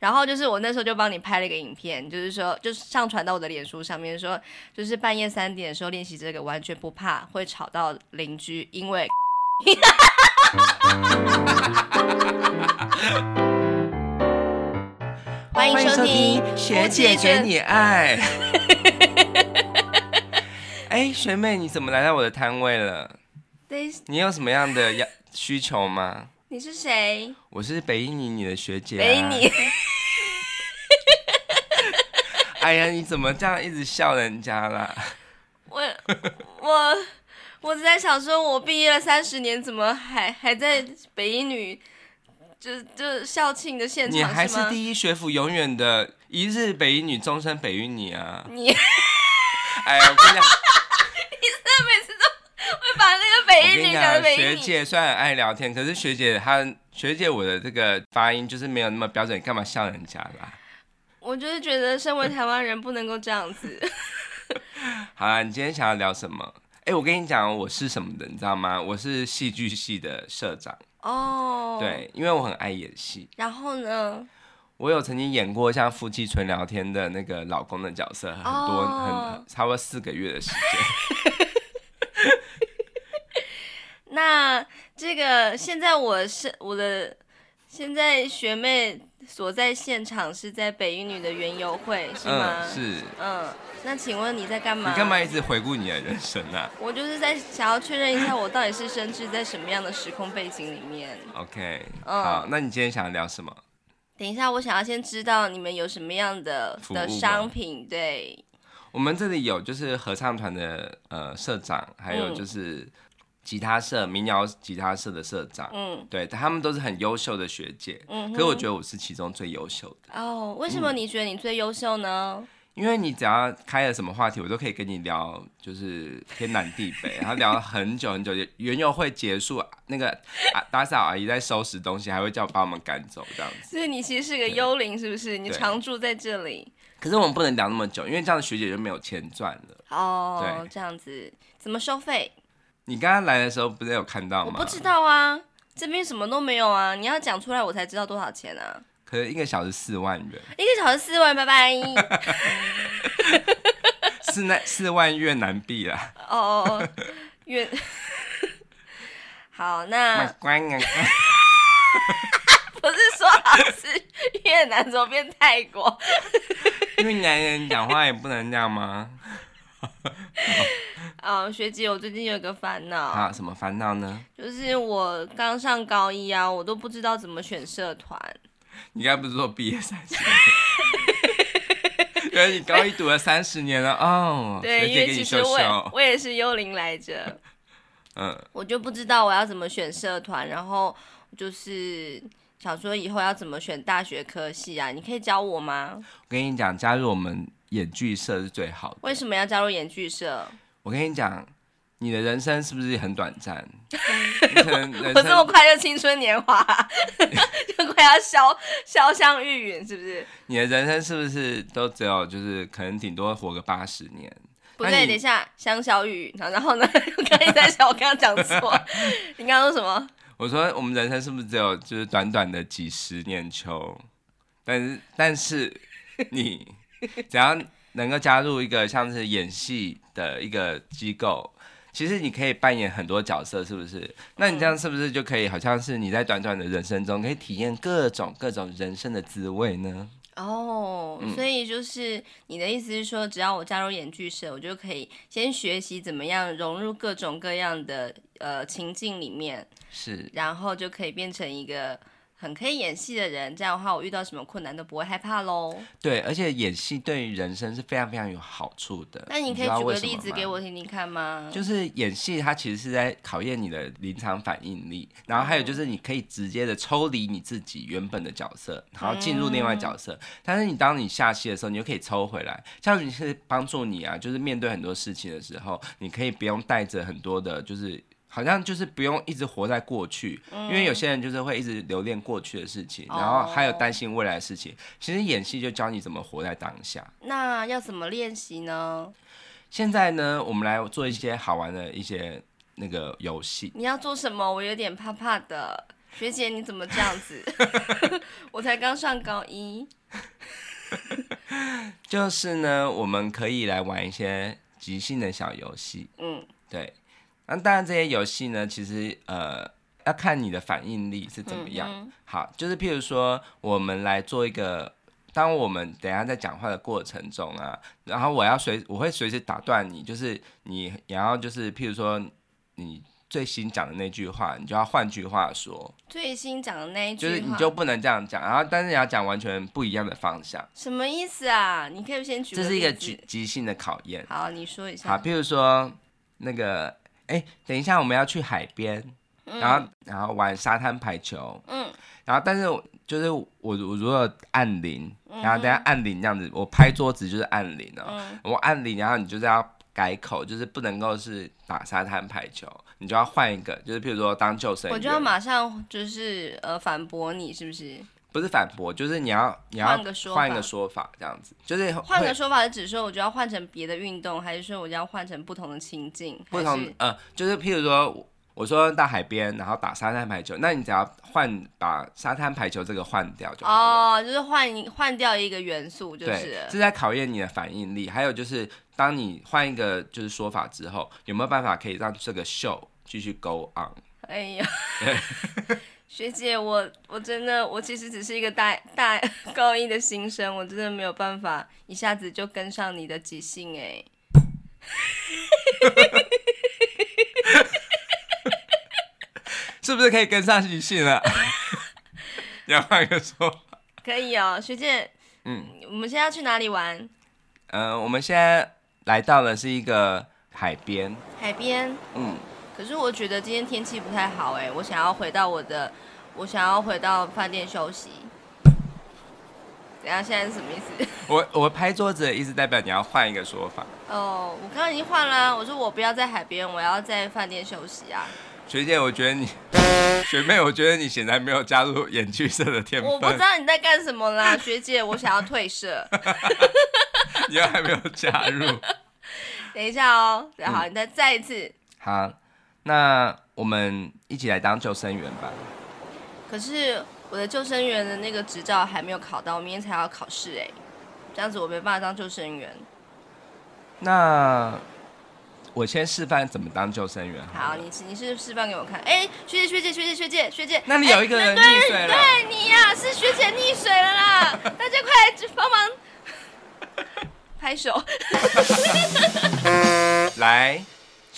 然後就是我那時候就幫你拍了一個影片，就是說，就是上傳到我的臉書上面說，說就是半夜三點的時候練習這個，完全不怕會吵到鄰居，因為。 歡迎收聽學、哦、學姐給你愛。哎， 學妹，你怎麼來到我的攤位了？This... 你有什麼樣的要需求嗎？你是誰？我是北一女，你的學姐、啊、北一女。 哎呀，你怎麼這樣一直笑人家啦？我我我只在想說，我畢業了三十年，怎麼還還在北一女？就就校慶的現場，你還是第一學府，永遠的一日北一女，終身北一女啊！你哎呀！我跟你講 你是每次都會把那個北一女的學姐，雖然愛聊天，可是學姐她學姐我的這個發音就是沒有那麼標準，幹嘛笑人家啦？我就是覺得，身為台灣人不能夠這樣子 。好了，你今天想要聊什麼？哎、欸，我跟你講，我是什麼的，你知道嗎？我是戲劇系的社長。哦、oh.。對，因為我很愛演戲。然後呢，我有曾經演過像夫妻純聊天的那個老公的角色，很多、oh. 很，很差不多四個月的時間 那這個現在我是我的。現在學妹所在現場是在北一女的園遊會、嗯，是嗎？是，嗯，那請問你在幹嘛？你幹嘛一直回顧你的人生呢、啊？ 我就是在想要確認一下，我到底是身處在什麼樣的時空背景裡面。OK，、嗯、好，那你今天想要聊什麼？等一下，我想要先知道你們有什麼樣的的商品。對，我們這裡有就是合唱團的呃社長，還有就是。嗯吉他社、民謠吉他社的社長，嗯，對，他們都是很優秀的學姐，嗯，可是我覺得我是其中最優秀的。哦，為什麼你覺得你最優秀呢？嗯，因為你只要開了什麼話題，我都可以跟你聊，就是天南地北，然 後聊了很久很久，就園遊會結束，那個阿打掃阿姨在收拾東西，還會叫把我們趕走這樣子。所以你其實是個幽靈，是不是？你常住在這裡。可是我們不能聊那麼久，因為這樣子學姐就沒有錢賺了。哦，這樣子怎麼收費？你剛剛來的時候不是有看到嗎？不知道啊，這邊什麼都沒有啊。你要講出來，我才知道多少錢啊。可是一個小時四萬元，一個小時四萬，拜拜。 四萬四萬越南幣啦。哦哦哦，越。 好，那。關啊。不是說好是越南，怎麼變泰國 ？因為男人講話也不能這樣嗎？啊、 oh.，uh, 學姐，我最近有個煩惱啊，什麼煩惱呢？就是我剛上高一啊，我都不知道怎麼選社團。你應該不是說畢業三十年？ 對，你高一讀了三十年了哦、oh,。學姐給你秀秀，因為其實我，我也是幽靈來着， 嗯，我就不知道我要怎麼選社團，然後就是想說以後要怎麼選大學科系啊？你可以教我嗎？我跟你講，加入我們。演劇社是最好的。為什麼要加入演劇社？我跟你講，你的人生是不是很短暫？ 我這麼快就青春年華， 就快要消消香玉殞，是不是？你的人生是不是都只有就是可能頂多活個八十年？不對，等一下，香消玉殞，然後呢？ 我看你在想，我剛剛講錯。 你剛剛說什麼？我說我們人生是不是只有就是短短的幾十年？秋，但是但是你。 只要能夠加入一個像是演戲的一個機構，其實你可以扮演很多角色，是不是？那你這樣是不是就可以，好像是你在短短的人生中可以體驗各種各種人生的滋味呢？哦、oh，所以就是你的意思是說，只要我加入演劇社，我就可以先學習怎麼樣融入各種各樣的呃情境裡面，是，然後就可以變成一個。很可以演戲的人，這樣的話，我遇到什麼困難都不會害怕嘍。對，而且演戲對於人生是非常非常有好處的。那你可以舉個例子給我聽聽看嗎？就是演戲，它其實是在考驗你的臨場反應力，然後還有就是你可以直接的抽離你自己原本的角色，嗯、然後進入另外角色。但是你當你下戲的時候，你又可以抽回來，這樣子你是幫助你啊，就是面對很多事情的時候，你可以不用帶着很多的，就是。好像就是不用一直活在過去，因為有些人就是會一直留戀過去的事情，嗯、然後還有擔心未來的事情。哦、其實演戲就教你怎麼活在當下。那要怎麼練習呢？現在呢，我們來做一些好玩的一些那個遊戲。你要做什麼？我有點怕怕的，學姐你怎麼這樣子？ 我才剛上高一。 就是呢，我們可以來玩一些即興的小遊戲。嗯，對。那當然，這些遊戲呢，其實呃要看你的反應力是怎麼樣。嗯嗯。好，就是譬如說，我們來做一個，當我們等下在講話的過程中啊，然後我要隨我會隨時打斷你，就是你然後就是譬如說你最新講的那句話，你就要換句話說。最新講的那一句話就是你就不能這樣講，然後但是你要講完全不一樣的方向。什麼意思啊？你可以先舉個例子？這是一個即即興的考驗。好，你說一下。好，譬如說那個。哎、欸，等一下，我們要去海邊，嗯，然後然後玩沙灘排球，嗯，然後但是就是我我如果按鈴，嗯，然後等下按鈴這樣子，我拍桌子就是按鈴了，喔，我、嗯、按鈴，然後你就是要改口，就是不能夠是打沙灘排球，你就要換一個，就是譬如說當救生員，我就要馬上就是呃反駁你，是不是？不是反駁，就是你要你要換一個說法，這樣子就是換個說法，是指說我就要換成別的運動，還是說我就要換成不同的情境？不同呃，就是譬如說，我說到海邊，然後打沙灘排球，那你只要換把沙灘排球這個換掉就好，哦就是換換掉一個元素就，就是是在考驗你的反應力。還有就是，當你換一個就是說法之後，有沒有辦法可以讓這個 show 繼續 go on？哎呀。 學姐，我我真的我其實只是一個大大高一的新生，我真的沒有辦法一下子就跟上你的即興哎， 是不是可以跟上即興了？啊？要換一個說法，可以哦，學姐。嗯，我們現在要去哪裡玩？嗯、呃，我們現在來到了是一個海邊。海邊。嗯。可是我覺得今天天氣不太好哎、欸，我想要回到我的，我想要回到飯店休息。等一下，現在是什麼意思？我我拍桌子的意思代表你要換一個說法。哦，我剛剛已經換了、啊，我說我不要在海邊，我要在飯店休息啊。學姐，我覺得你，學妹，我覺得你顯然沒有加入演劇社的天分。我不知道你在幹什麼啦，學姐， 我想要退社。 你又還沒有加入。 等一下哦，然後、嗯、你再再一次。好。那我們一起來當救生員吧。可是我的救生員的那個執照還沒有考到，我明天才要考試哎、欸，這樣子我沒辦法當救生員。那我先示範怎麼當救生員好。好，你你是示範給我看。哎、欸，學姐學姐學姐學姐學姐，那裡有一個人溺水、欸、對，對，你呀、啊，是學姐溺水了啦， 大家快來幫忙 拍手。 來。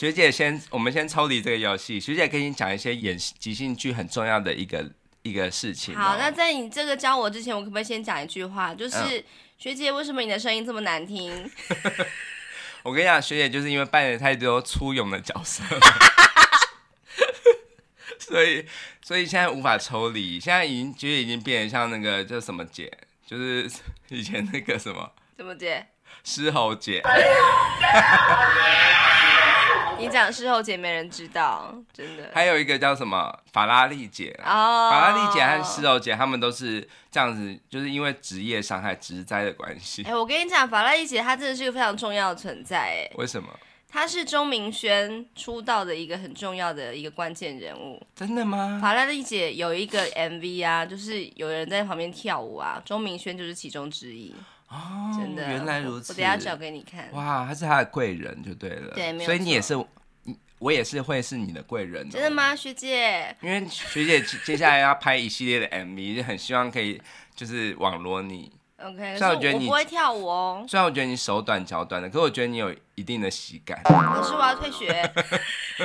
學姐先，我們先抽離這個遊戲。學姐跟你講一些演即興劇很重要的一個一個事情。好，那在你這個教我之前，我可不可以先講一句話？就是、嗯、學姐，為什麼你的聲音這麼難聽？ 我跟你講，學姐就是因為扮演太多粗勇的角色， 所以所以現在無法抽離，現在已經學姐已經變得像那個叫什麼姐，就是以前那個什麼？什麼姐？獅吼姐。你講獅吼姐沒人知道，真的。還有一個叫什麼法拉利姐哦，法拉利姐,、oh. 法拉利姐和獅吼姐，他們都是這樣子，就是因為職業傷害、職災的關係。哎、欸，我跟你講，法拉利姐她真的是一個非常重要的存在、欸。為什麼？她是鍾明軒出道的一個很重要的一個關鍵人物。真的嗎？法拉利姐有一個 MV 啊，就是有人在旁邊跳舞啊，鍾明軒就是其中之一。哦，原來如此，我等下找給你看。哇，他是他的貴人就對了，對，沒有，所以你也是，你，我也是會是你的貴人哦，真的嗎，學姐？因為學姐接下來要拍一系列的 MV， 就很希望可以就是網羅你。OK，雖然我覺得你不會跳舞哦，雖然我覺得你手短腳短的，可是我覺得你有一定的喜感。可、嗯、是我要退學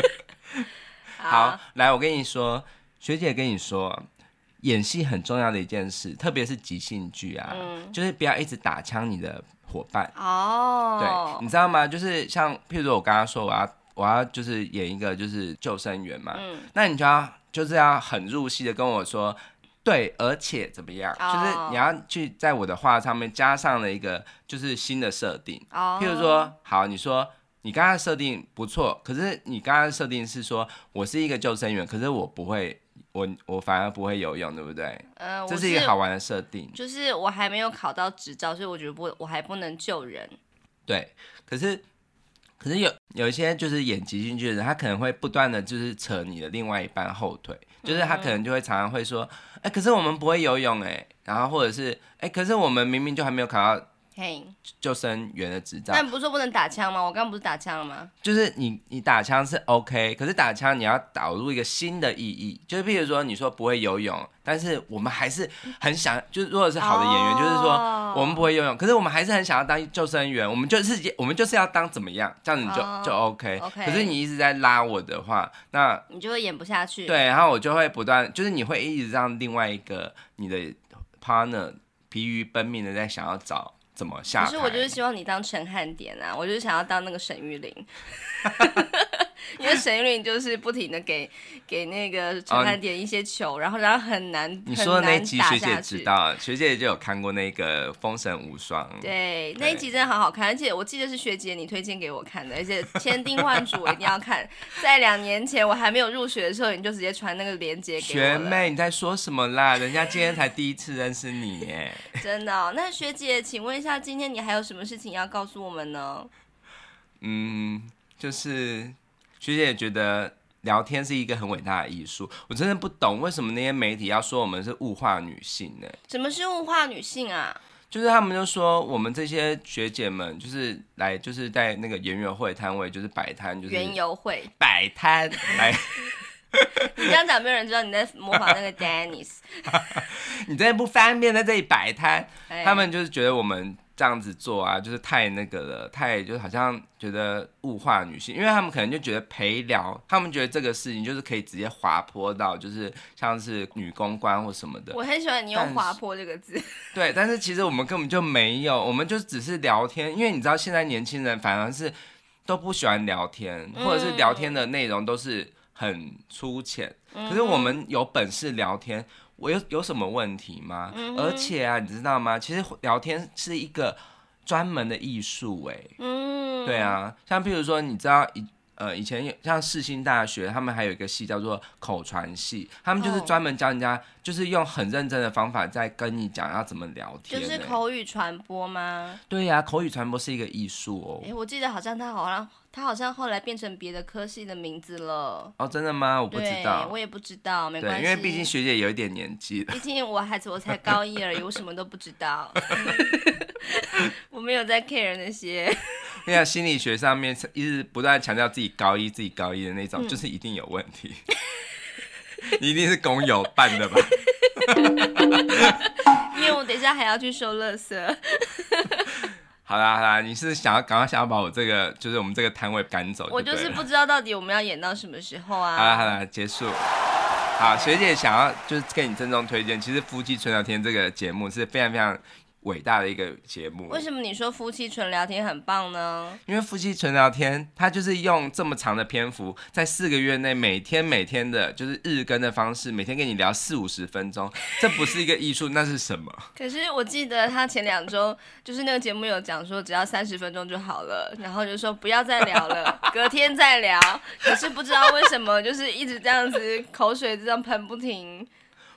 好。好，來，我跟你說，學姐跟你說。演戲很重要的一件事，特別是即興劇啊、嗯，就是不要一直打槍你的伙伴哦。對，你知道嗎？就是像，譬如說我剛剛說，我要我要就是演一個就是救生員嘛，嗯、那你就要就是要很入戲的跟我說，對，而且怎麼樣？哦、就是你要去在我的話上面加上了一個就是新的設定、哦。譬如說，好，你說你剛剛設定不錯，可是你剛剛設定是說我是一個救生員，可是我不會。我我反而不會游泳，對不對？呃，這是一個好玩的設定。就是我還沒有考到執照，所以我覺得不，我還不能救人。對，可是可是有有一些就是演即興劇的人，他可能會不斷的就是扯你的另外一半後腿，就是他可能就會常常會說，哎、嗯嗯欸，可是我們不會游泳、欸，哎，然後或者是，哎、欸，可是我們明明就還沒有考到。Hey, 救生員的執照。但不是說不能打槍嗎？我剛剛不是打槍了嗎？就是你，你打槍是 OK，可是打槍你要導入一個新的意義。就是，譬如說，你說不會游泳，但是我們還是很想， 就是如果是好的演員、oh，就是說我們不會游泳，可是我們還是很想要當救生員。我們就是，我們就是要當怎麼樣？這樣子你就、oh、就 OK。OK。可是你一直在拉我的話，那你就會演不下去。對，然後我就會不斷，就是你會一直讓另外一個你的 partner 疲於奔命的在想要找。怎麼下？可是我就是希望你當陳漢典啊，我就是想要當那個沈玉琳。 因為沈玉琳就是不停的給給那個陳漢典點一些球，oh, 然後然後很難。你說的那集學姐,學姐知道，學姐就有看過那個《瘋神無雙》。對，那一集真的好好看，而且我記得是學姐你推薦給我看的，而且千叮萬囑我一定要看。 在兩年前我還沒有入學的時候，你就直接傳那個鏈接給我。學妹，你在說什麼啦？人家今天才第一次認識你耶。 真的、哦，那學姐，請問一下，今天你還有什麼事情要告訴我們呢？嗯，就是。學姐覺得聊天是一個很偉大的藝術，我真的不懂為什麼那些媒體要說我們是物化女性呢？什麼是物化女性啊？就是他們就說我們這些學姐們就是來就是在那個園遊會攤位就是擺攤就是擺攤園遊會擺攤，擺攤擺 來，你這樣講沒有人知道你在模仿那個 Dennis 你真的不方便在這裡擺攤，哎，他們就是覺得我們。這樣子做啊，就是太那個了，太就是好像覺得物化女性，因為他們可能就覺得陪聊，他們覺得這個事情就是可以直接滑坡到，就是像是女公關或什麼的。我很喜歡你用“滑坡”這個字。對，但是其實我們根本就沒有，我們就只是聊天，因為你知道現在年輕人反而是都不喜歡聊天，或者是聊天的內容都是很粗淺。嗯。可是我們有本事聊天。我有有什麼問題嗎？嗯，而且啊，你知道嗎？其實聊天是一個專門的藝術誒。嗯，對啊，像譬如說，你知道一呃，以前像世新大學，他們還有一個系叫做口傳系，他們就是專門教人家，就是用很認真的方法在跟你講要怎麼聊天、欸，就是口語傳播嗎？對呀、啊，口語傳播是一個藝術哦。哎、欸，我記得好像他好像他好像後來變成別的科系的名字了。哦，真的嗎？我不知道，我也不知道，沒關係。因為畢竟學姐有一點年紀，畢竟我還只我才高一而已，我什麼都不知道， 我沒有在 care 那些。在心理學上面一直不斷強調自己高一自己高一的那種，嗯、就是一定有問題， 你一定是工友辦的吧？ 因為我等一下還要去收垃圾。 好啦好啦，你是想要趕快想要把我這個就是我們這個攤位趕走？我就是不知道到底我們要演到什麼時候啊！好啦好啦，結束。好，學姐想要就是跟你鄭重推薦，其實《夫妻純聊天》這個節目是非常非常。偉大的一個節目。為什麼你說夫妻純聊天很棒呢？因為夫妻純聊天，他就是用這麼長的篇幅，在四個月內每天每天的，就是日更的方式，每天跟你聊四五十分鐘，這不是一個藝術， 那是什麼？可是我記得他前兩周就是那個節目有講說，只要三十分鐘就好了，然後就說不要再聊了， 隔天再聊。可是不知道為什麼，就是一直這樣子口水這樣噴不停。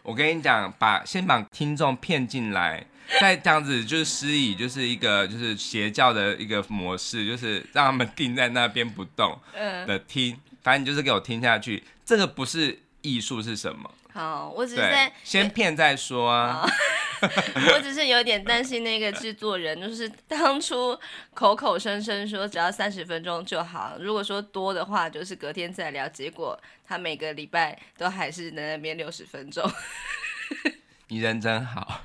我跟你講，把先把聽眾騙進來。 再這樣子就是施以，就是一個就是邪教的一個模式，就是讓他們定在那邊不動的聽、嗯，反正你就是給我聽下去，這個不是藝術是什麼？好，我只是在先騙再說啊。欸、 我只是有點擔心那個制作人，就是當初口口聲聲說只要三十分鐘就好，如果說多的話就是隔天再聊，結果他每個禮拜都還是能在那邊六十分鐘。 你人真好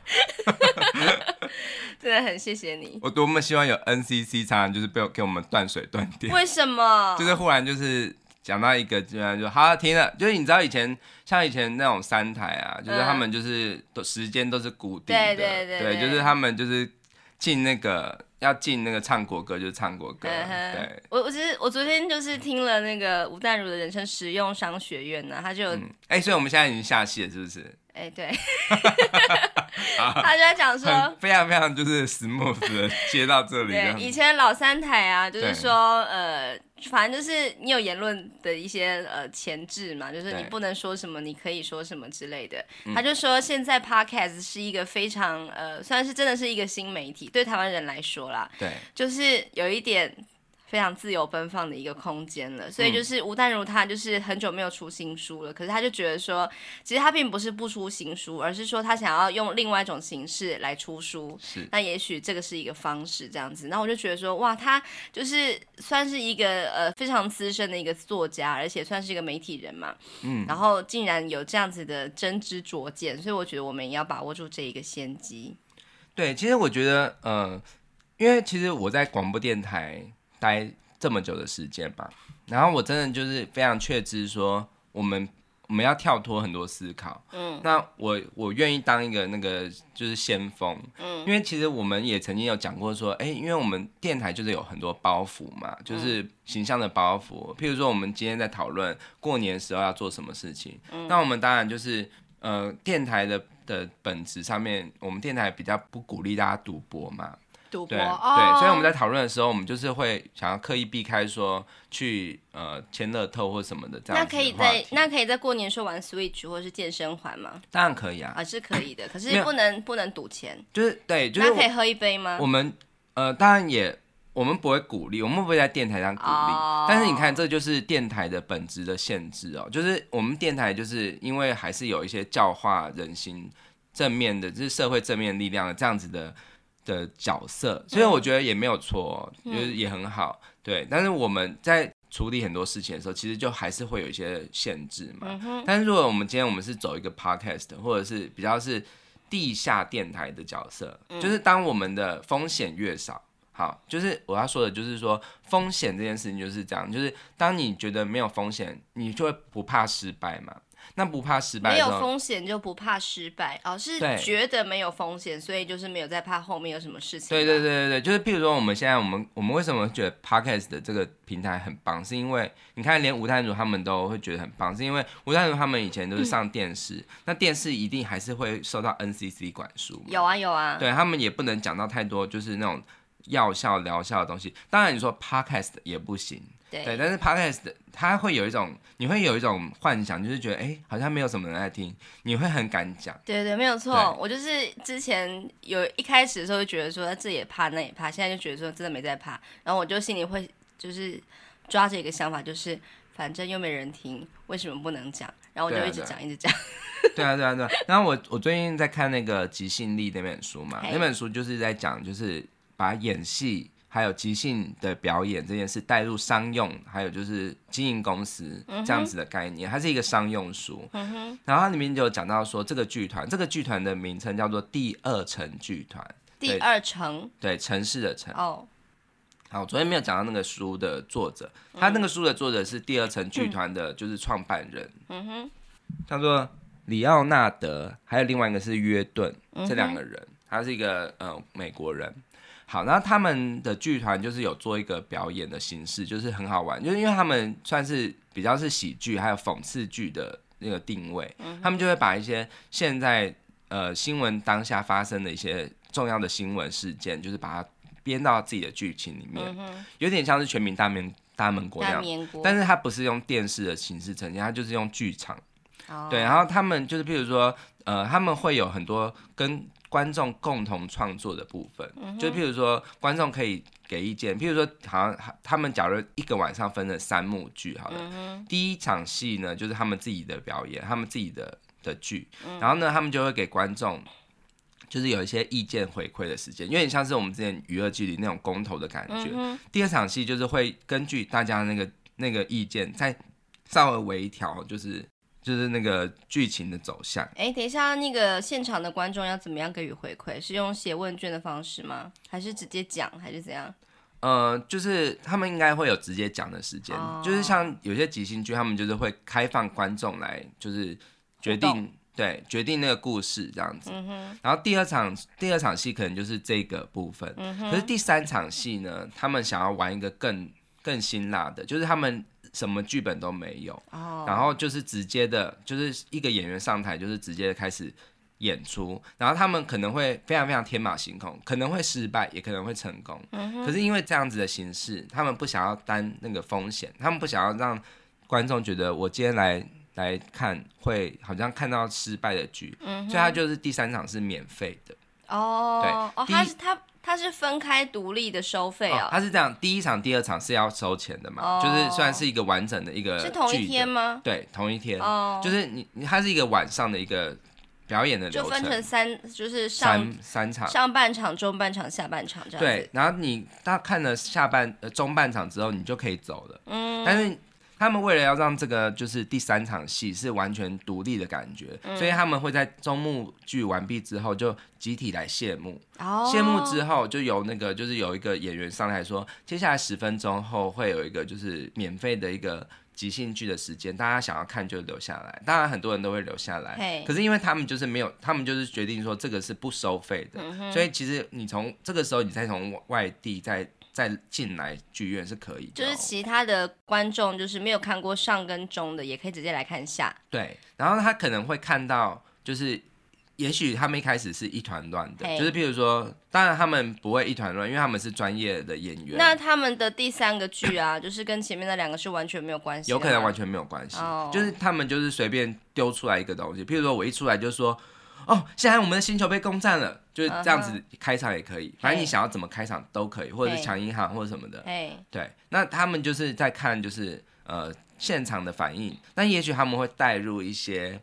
， 真的很謝謝你。我多麼希望有 NCC，常常就是被我給我們斷水斷電。 為什麼？就是忽然就是講到一個、就是，突就很好聽、啊、了。就是你知道以前像以前那種三台啊，就是他們就是都時間都是固定的、嗯，對對對，對，對，對，就是他們就是進那個要進那個唱國歌就唱國歌。嘿嘿對，我我是我昨天就是聽了那個吳淡如的人生實用商學院呢、啊，他就哎、嗯欸，所以我們現在已經下戲了，是不是？哎、欸，對 ， 他就在講說，非常非常就是 smooth 接到這裡。對，以前老三台啊，就是說，呃，反正就是你有言論的一些呃前置嘛，就是你不能說什麼，你可以說什麼之類的。他就說，現在 podcast 是一個非常呃，算是真的是一個新媒體，對台灣人來說啦，對，就是有一點。非常自由奔放的一個空間了，所以就是吳淡如，他就是很久沒有出新書了、嗯。可是他就覺得說，其實他並不是不出新書，而是說他想要用另外一種形式來出書。是，那也許這個是一個方式，這樣子。那我就覺得說，哇，他就是算是一個呃非常資深的一個作家，而且算是一個媒體人嘛，嗯，然後竟然有這樣子的真知灼見，所以我覺得我們也要把握住這一個先機。對，其實我覺得，嗯、呃，因為其實我在廣播電台待這麼久的時間吧，然後我真的就是非常確知說，我們我們要跳脫很多思考。嗯，那我我願意當一個那個就是先鋒。嗯，因為其實我們也曾經有講過說，哎、欸，因為我們電臺就是有很多包袱嘛，就是形象的包袱。譬如說，我們今天在討論過年時候要做什麼事情，那我們當然就是呃，電臺的的本質上面，我們電臺比較不鼓勵大家賭博嘛。對、oh. 對，所以我們在討論的時候，我們就是會想要刻意避開說去呃簽樂透或什麼的這樣子。那可以在那可以在過年說玩 Switch 或者是健身環嗎？當然可以啊，啊、哦、是可以的，可是不能不能賭錢。就是對、就是，那可以喝一杯嗎？我們呃當然也我們不會鼓勵，我們不會在電台上鼓勵。Oh. 但是你看，這就是電台的本質的限制哦，就是我們電台就是因為還是有一些教化人心、正面的，就是社會正面力量的這樣子的。的角色，所以我覺得也沒有錯哦，嗯，就是也很好，對。但是我們在處理很多事情的時候，其實就還是會有一些限制嘛。但是如果我們今天我們是走一個 podcast，或者是比較是地下電臺的角色，就是當我們的風險越少，好，就是我要說的，就是說風險這件事情就是這樣，就是當你覺得沒有風險，你就會不怕失敗嘛。那不怕失敗，沒有風險就不怕失敗哦，是覺得沒有風險，所以就是沒有在怕後面有什麼事情。對對對對對，就是譬如說我們現在我們我們為什麼覺得 Podcast 的這個平台很棒，是因為你看連吳太祖他們都會覺得很棒，是因為吳太祖他們以前都是上電視、嗯，那電視一定還是會受到 NCC 管束。有啊有啊，對他們也不能講到太多就是那種藥效療效的東西。當然你說 Podcast 也不行，對，對但是 Podcast。他會有一種，你會有一種幻想，就是覺得，哎、欸，好像沒有什麼人在聽，你會很敢講。對對、對，沒有錯，我就是之前有一開始的時候就覺得說，他自己也怕，那也怕，現在就覺得說真的沒在怕，然後我就心裡會就是抓着一個想法，就是反正又沒人聽，為什麼不能講？然後我就一直講、啊啊，一直講。對啊，啊、對啊，對啊。然後我我最近在看那個即興力那本書嘛，okay. 那本書就是在講，就是把演戲。還有即興的表演這件事帶入商用，還有就是經營公司這樣子的概念，嗯、它是一個商用書。嗯、然後它裡面就有講到說，這個劇團，這個劇團的名稱叫做第二城劇團。第二城，對，城市的城。哦，好，昨天沒有講到那個書的作者，他、嗯、那個書的作者是第二城劇團的，就是創辦人。嗯，嗯哼，叫做李奧納德，還有另外一個是約頓，嗯、這兩個人，他是一個呃美國人。好，那他們的劇團就是有做一個表演的形式，就是很好玩，就是因為他們算是比較是喜劇還有諷刺劇的那個定位、嗯，他們就會把一些現在呃新聞當下發生的一些重要的新聞事件，就是把它編到自己的劇情裡面、嗯，有點像是全民大悶、大悶鍋那樣，但是它不是用電視的形式呈現，它就是用劇場、哦，對，然後他們就是譬如說呃他們會有很多跟觀眾共同創作的部分，就譬如說觀眾可以給意見，譬如說好像他們假如一個晚上分了三幕劇，好了、嗯，第一場戲呢就是他們自己的表演，他們自己的的劇、嗯，然後呢他們就會給觀眾，就是有一些意見回饋的時間，有點像是我們之前娛樂劇裡那種公投的感覺。嗯、第二場戲就是會根據大家那個那個意見再稍微微調，就是。就是那個劇情的走向。哎、欸，等一下，那個現場的觀眾要怎麼樣給予回饋？是用寫問卷的方式嗎？還是直接講？還是怎樣？呃，就是他們應該會有直接講的時間、哦。就是像有些即興劇，他們就是會開放觀眾來，就是決定對決定那個故事這樣子。嗯、然後第二場第二場戲可能就是這個部分。嗯、可是第三場戲呢，他們想要玩一個更更辛辣的，就是他們。什麼劇本都沒有，oh. 然後就是直接的，就是一個演員上台就是直接的開始演出，然後他們可能會非常非常天馬行空，可能會失敗，也可能會成功。Mm -hmm. 可是因為這樣子的形式，他們不想要擔那個風險，他們不想要讓觀眾覺得我今天來來看會好像看到失敗的劇，mm -hmm. 所以他就是第三場是免費的。哦、oh.，對，oh, 第一他是他。它是分開獨立的收費啊、哦，它是這樣，第一場、第二場是要收錢的嘛，oh, 就是算是一個完整的一個的，是同一天嗎？對，同一天，oh, 就是你，它是一個晚上的一個表演的流程，就分成三，就是上三三場，上半場、中半場、下半場這樣。對，然後你他看了下半呃中半場之後，你就可以走了，嗯，但是。他們為了要讓這個就是第三場戲是完全獨立的感覺，嗯、所以他們會在終幕劇完畢之後就集體來謝幕。哦、謝幕之後，就有那個就是有一個演員上來說，接下來十分鐘後會有一個就是免費的一個即興劇的時間，大家想要看就留下來。當然很多人都會留下來，可是因為他們就是沒有，他們就是決定說這個是不收費的，嗯、所以其實你從這個時候，你再從外地再。再進來劇院是可以的，就是其他的觀眾就是沒有看過上跟中的，也可以直接來看下。對，然後他可能會看到，就是也許他們一開始是一團亂的，就是譬如說，當然他們不會一團亂，因為他們是專業的演員。那他們的第三個劇啊，就是跟前面那兩個是完全沒有關係，有可能完全沒有關係，就是他們就是隨便丟出來一個東西，譬如說我一出來就說。哦，現在我們的星球被攻佔了，就是這樣子開場也可以，uh -huh. 反正你想要怎麼開場都可以，hey. 或者是搶銀行或者什麼的。哎，hey. 對，那他們就是在看就是呃現場的反應，但也許他們會帶入一些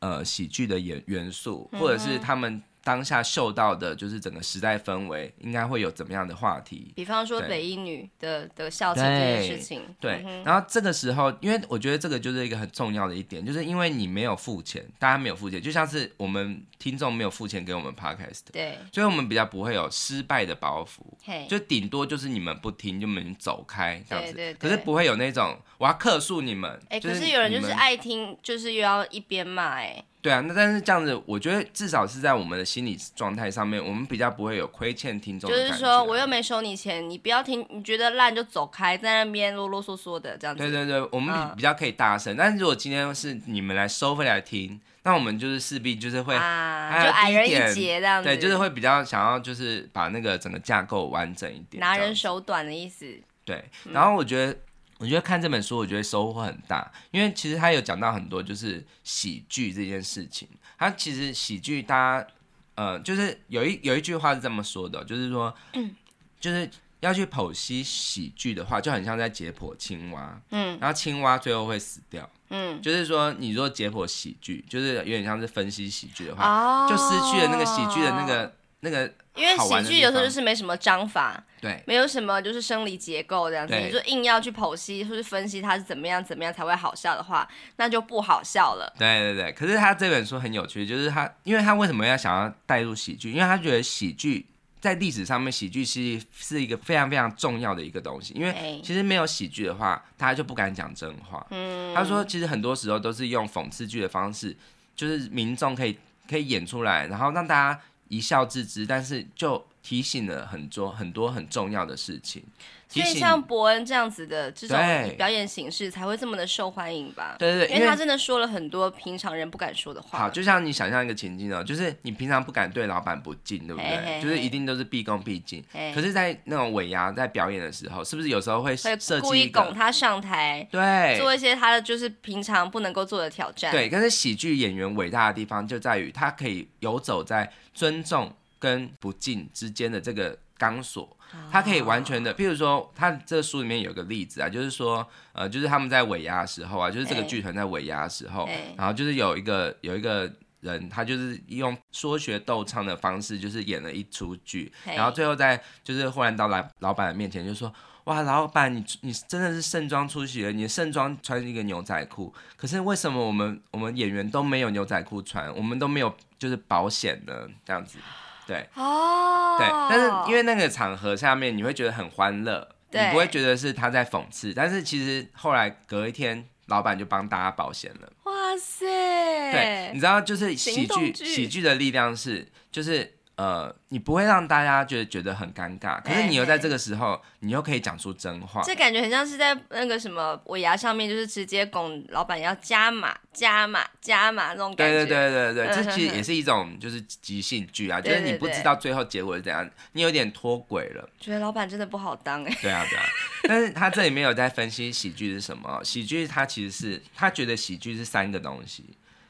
呃喜劇的元元素，或者是他們。當下嗅到的就是整個時代氛圍，應該會有怎麼樣的話題？比方說北一女的的校慶這件事情。對、嗯。然後這個時候，因為我覺得這個就是一個很重要的一點，就是因為你沒有付錢，大家沒有付錢，就像是我們聽眾沒有付錢給我們 podcast，對。所以我們比較不會有失敗的包袱，就頂多就是你們不聽，就你們走開這樣子。對對，對。可是不會有那種我要客訴你們。哎、欸就是，可是有人就是愛聽，就是又要一邊罵哎。對啊，那但是這樣子，我覺得至少是在我們的心理狀態上面，我們比較不會有虧欠聽眾。就是說，我又沒收你錢，你不要聽，你覺得爛就走開，在那邊囉囉嗦嗦的這樣子。對對對，我們比較可以大聲、哦。但是如果今天是你們來收費來聽，那我們就是勢必就是會、啊呃、就矮人一截這樣子。對，就是會比較想要就是把那個整個架構完整一點，拿人手短的意思。對，然後我覺得。嗯我覺得看這本書，我覺得收穫很大，因為其實他有講到很多就是喜劇這件事情。他其實喜劇，大家呃，就是有一有一句話是這麼說的，就是說，嗯、就是要去剖析喜劇的話，就很像在解剖青蛙，嗯，然後青蛙最後會死掉，嗯，就是說，你若解剖喜劇，就是有點像是分析喜劇的話、哦，就失去了那個喜劇的那個。那個，因為喜劇有時候就是沒什麼章法，對，沒有什麼就是生理結構這樣子，你就硬要去剖析或，就是分析它是怎麼樣怎麼樣才會好笑的話，那就不好笑了。對對對，可是他這本書很有趣，就是他，因為他為什麼要想要帶入喜劇？因為他覺得喜劇在歷史上面，喜劇其實是一個非常非常重要的一個東西，因為其實沒有喜劇的話，大家就不敢講真話。嗯，他說其實很多時候都是用諷刺劇的方式，就是民眾可以可以演出來，然後讓大家。一笑置之，但是就。提醒了很多很多很重要的事情，所以像博恩這樣子的這種表演形式才會這麼的受歡迎吧？對，對對，因為他真的說了很多平常人不敢說的話。好，就像你想象一個情境哦、喔，就是你平常不敢對老闆不敬，對不對？嘿嘿嘿，就是一定都是畢恭畢敬嘿嘿。可是，在那種尾牙在表演的時候嘿嘿，是不是有時候會會故意拱他上台？對，做一些他的就是平常不能夠做的挑戰。對，但是喜劇演員偉大的地方就在於他可以遊走在尊重。跟不進之間的這個鋼索，他可以完全的，譬如說，他這書裡面有個例子啊，就是說，呃，就是他們在尾牙的時候啊，就是這個劇團在尾牙的時候、欸，然後就是有一個有一個人，他就是用說學逗唱的方式，就是演了一出劇，然後最後在就是忽然到來老老闆的面前就說，哇，老闆你你真的是盛裝出席了，你盛裝穿一個牛仔褲，可是為什麼我們我們演員都沒有牛仔褲穿，我們都沒有就是保險的這樣子。對、哦、對，但是因為那個場合下面，你會覺得很歡樂，對，你不會覺得是他在諷刺。但是其實後來隔一天，老板就幫大家保險了。哇塞！對，你知道就是喜劇，喜劇的力量是就是。呃，你不會讓大家覺得覺得很尷尬，可是你又在這個時候，欸欸，你又可以講出真話。欸，這感覺很像是在那個什麼尾牙上面，就是直接拱老板要加碼、加碼、加碼那種感覺。對對對對對，嗯呵呵，這其實也是一種就是即興劇啊。對對對，就是你不知道最後結果是怎樣，你有點脫軌了。覺得老板真的不好當哎，欸。對啊對啊， 但是他這裡面有在分析喜劇是什麼，喜劇他其實是他覺得喜劇是三個東西，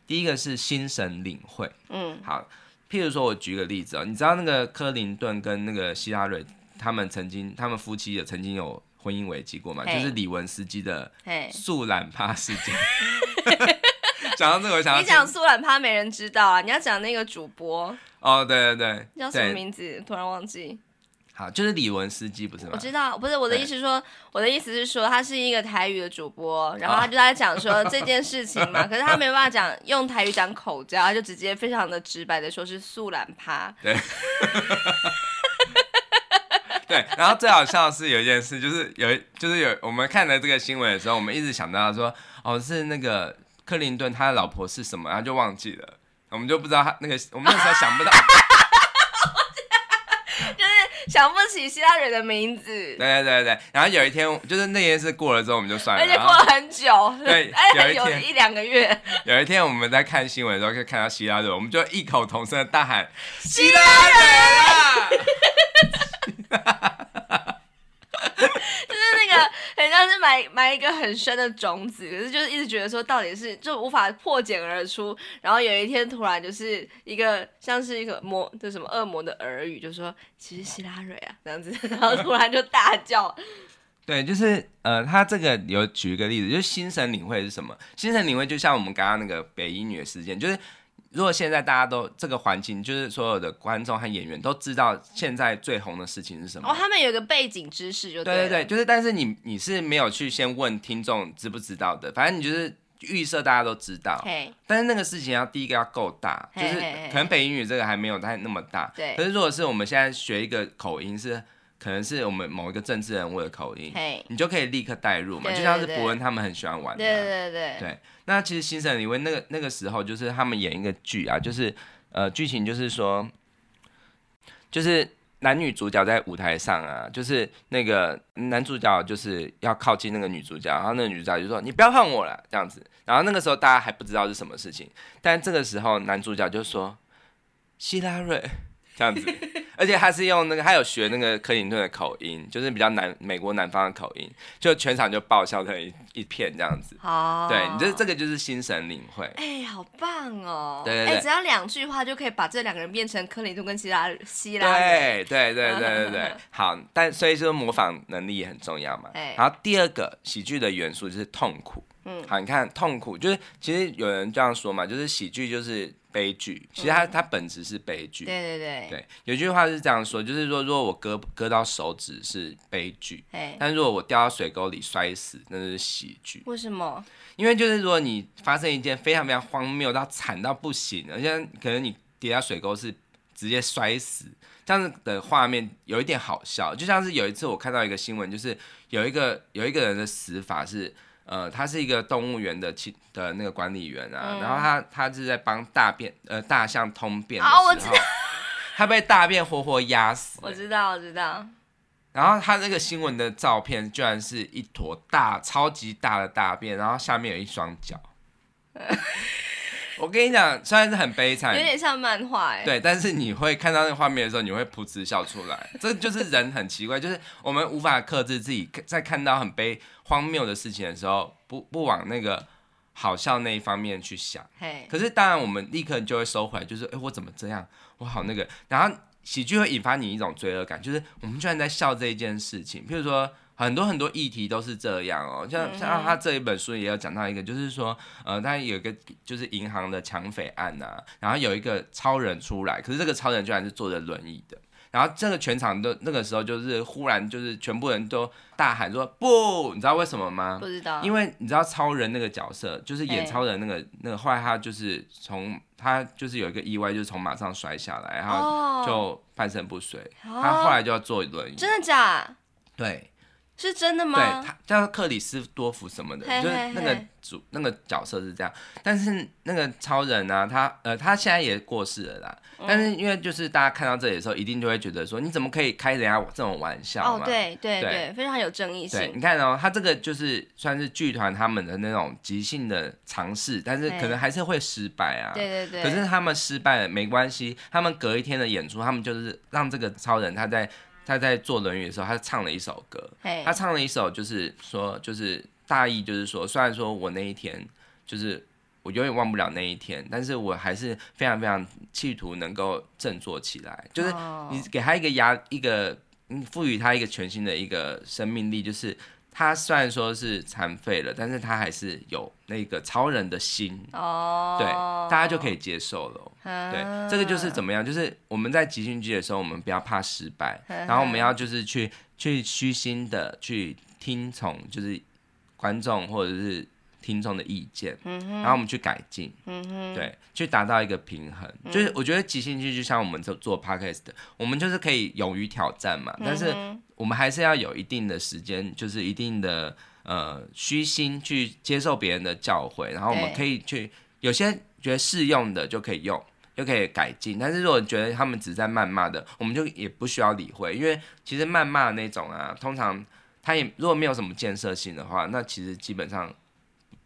第一個是心神領會，嗯，好。譬如說，我舉個例子啊，你知道那個柯林頓跟那個希拉蕊，他們曾經，他們夫妻有曾經有婚姻危機過嘛？Hey. 就是李文斯基的素懶趴事件。講、hey. 到這個，我想你講素懶趴，沒人知道啊。你要講那個主播哦，oh, 對對對，叫什麼名字？突然忘記。就是李文斯基不是嗎？我知道，不是我的意思說，我的意思是說，是說他是一個台語的主播，然後他就在講說這件事情嘛， 可是他沒辦法講 用台語講口交，他就直接非常的直白的說是素蘭趴。對， 對，然後最好笑的是有一件事，就是有就是有我們看了這個新聞的時候，我們一直想到說，哦是那個克林頓他的老婆是什麼，然後就忘記了，我們就不知道他那個，我們那時候想不到。 想不起希臘人的名字，對對對對，然後有一天，就是那件事過了之後，我們就算了。而且過了很久，對，而且有，一，有一兩個月。有一天我們在看新聞的時候，看到希臘人，我們就異口同聲的大喊：“希臘人！” 很像是埋埋一個很深的種子，可是就是一直覺得說到底是就無法破繭而出，然後有一天突然就是一個像是一個魔，就什麼惡魔的耳語，就說其實希拉蕊啊這樣子，然後突然就大叫。對，就是呃，他這個有舉一個例子，就是心神領會是什麼？心神領會就像我們剛剛那個北一女的事件，就是。如果現在大家都這個環境，就是所有的觀眾和演員都知道現在最紅的事情是什麼哦。他們有一個背景知識就對。對對對，就是但是你你是沒有去先問聽眾知不知道的，反正你就是預設大家都知道。但是那個事情要第一個要夠大，就是可能北一女這個還沒有太那麼大。對。可是如果是我們現在學一個口音是，是可能是我們某一個政治人物的口音，你就可以立刻帶入嘛，對對對，就像是博恩他們很喜歡玩的、啊。對對對對。對那其實，先生，你問那個那個時候，就是他們演一個劇啊，就是呃，劇情就是說，就是男女主角在舞台上啊，就是那個男主角就是要靠近那個女主角，然後那個女主角就說：“你不要碰我了。”這樣子。然後那個時候大家還不知道是什麼事情，但這個時候男主角就說：“希拉瑞。” 這樣子，而且他是用那個，他有學那個柯林頓的口音，就是比較南美國南方的口音，就全場就爆笑成一一片這樣子。哦、oh.，對，你就這個就是心神領會。哎、欸，好棒哦！對對對，哎、欸，只要兩句話就可以把這兩個人變成柯林頓跟希拉希拉。對對對對對對，好，但所以說模仿能力也很重要嘛。哎，然後第二個喜劇的元素就是痛苦。嗯，好，你看痛苦就是其實有人這樣說嘛，就是喜劇就是。悲劇，其實它它本質是悲劇。嗯。對對對，對，有句話是這樣說，就是說，如果我割割到手指是悲劇，但如果我掉到水溝裡摔死，那是喜劇。為什麼？因為就是如果你發生一件非常非常荒謬到慘到不行，而且可能你跌到水溝是直接摔死，這樣的畫面有一點好笑。就像是有一次我看到一個新聞，就是有一個有一個人的死法是。呃，他是一個動物園的的那個管理員啊，嗯、然後他他是在幫大便呃大象通便、啊、我知道，他被大便活活壓死、欸。我知道，我知道。然後他這個新聞的照片，居然是一坨大超級大的大便，然後下面有一雙腳。嗯 我跟你講，雖然是很悲慘，有點像漫畫哎、欸。對，但是你會看到那畫面的時候，你會噗嗤笑出來。這就是人很奇怪， 就是我們無法克制自己，在看到很悲荒謬的事情的時候，不不往那個好笑那一方面去想。Hey，可是當然，我們立刻就會收回來，就是哎、欸，我怎麼這樣？我好那個。然後喜劇會引發你一種罪惡感，就是我們居然在笑這一件事情，譬如說。很多很多議題都是這樣哦，像像他這一本書也有講到一個、嗯，就是說，呃，他有一個就是銀行的搶匪案吶、啊，然後有一個超人出來，可是這個超人居然是坐着輪椅的，然後這個全場都那個時候就是忽然就是全部人都大喊說不，你知道為什麼嗎？不知道，因為你知道超人那個角色就是演超人那個、欸、那個，後來他就是從他就是有一個意外，就是從馬上摔下來，然後就半身不遂，哦、他後來就要坐輪椅、哦、椅。真的假的？對。是真的嗎？對，他叫克里斯多福什麼的，hey, hey, hey. 就是那個主那個角色是這樣。但是那個超人呢、啊？他呃他現在也過世了啦、嗯。但是因為就是大家看到這裡的時候，一定就會覺得說，你怎麼可以開人家這種玩笑嘛？哦，對對對，對，對，非常有爭議性對。你看哦，他這個就是算是劇團他們的那種即興的嘗試，但是可能還是會失敗啊。對對對。可是他們失敗了沒關係，他們隔一天的演出，他們就是讓這個超人他在。他在做《論語》的時候，他唱了一首歌。他唱了一首，就是說，就是大意就是說，雖然說我那一天就是我永遠忘不了那一天，但是我還是非常非常企圖能夠振作起來。就是你給他一個壓，一個賦予他一個全新的一個生命力，就是。他雖然說是殘廢了，但是他還是有那個超人的心，oh. 對，大家就可以接受了。Oh. 對，這個就是怎麼樣？就是我們在即興劇的時候，我們不要怕失敗，oh. 然後我們要就是去去虛心的去聽從就是觀眾或者是聽眾的意見，oh. 然後我們去改進，oh. 對，去達到一個平衡。Oh. 就是我覺得即興劇就像我們做做 podcast，我們就是可以勇於挑戰嘛，oh. 但是。我們還是要有一定的時間，就是一定的呃虛心去接受別人的教誨，然後我們可以去、欸、有些覺得適用的就可以用，就可以改進。但是如果覺得他們只在謾罵的，我們就也不需要理會，因為其實謾罵那種啊，通常他也如果沒有什麼建設性的話，那其實基本上。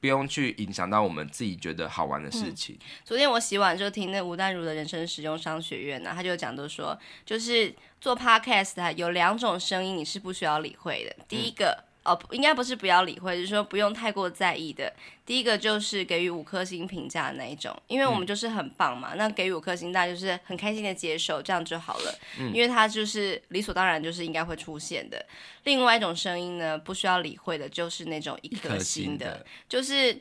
不用去影響到我們自己覺得好玩的事情。嗯，昨天我洗碗就聽那吳淡如的人生實用商學院呢，啊，他就講到說，就是做 podcast 有兩種聲音你是不需要理會的。第一個。嗯哦，應該不是不要理會，就是說不用太過在意的。第一個就是給予五顆星評價的那一種，因為我們就是很棒嘛，嗯，那給予五顆星，大家就是很開心的接受，這樣就好了。嗯，因為它就是理所當然就是應該會出現的。另外一種聲音呢，不需要理會的，就是那種一顆星、星的，就是。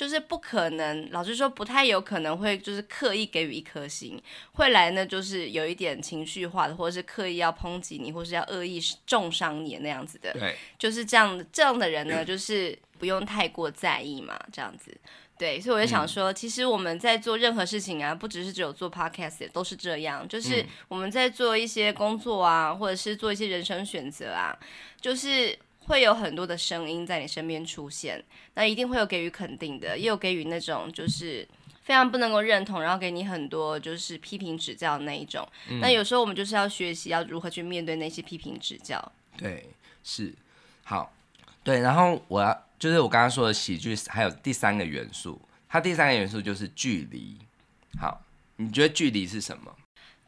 就是不可能，老實說不太有可能會就是刻意給予一顆心，會來呢就是有一點情緒化的，或者是刻意要抨擊你，或是要惡意中傷你那樣子的。對，就是這樣。這樣的人呢，就是不用太過在意嘛，這樣子。對，所以我就想說，嗯、其實我們在做任何事情啊，不只是只有做 podcast 也都是這樣，就是我們在做一些工作啊，或者是做一些人生選擇啊，就是。會有很多的聲音在你身邊出現，那一定會有給予肯定的，也有給予那種就是非常不能夠認同，然後給你很多就是批評指教的那一種、嗯。那有時候我們就是要學習要如何去面對那些批評指教。對，是好，對。然後我要就是我剛剛說的喜劇，還有第三個元素，它第三個元素就是距離。好，你覺得距離是什麼？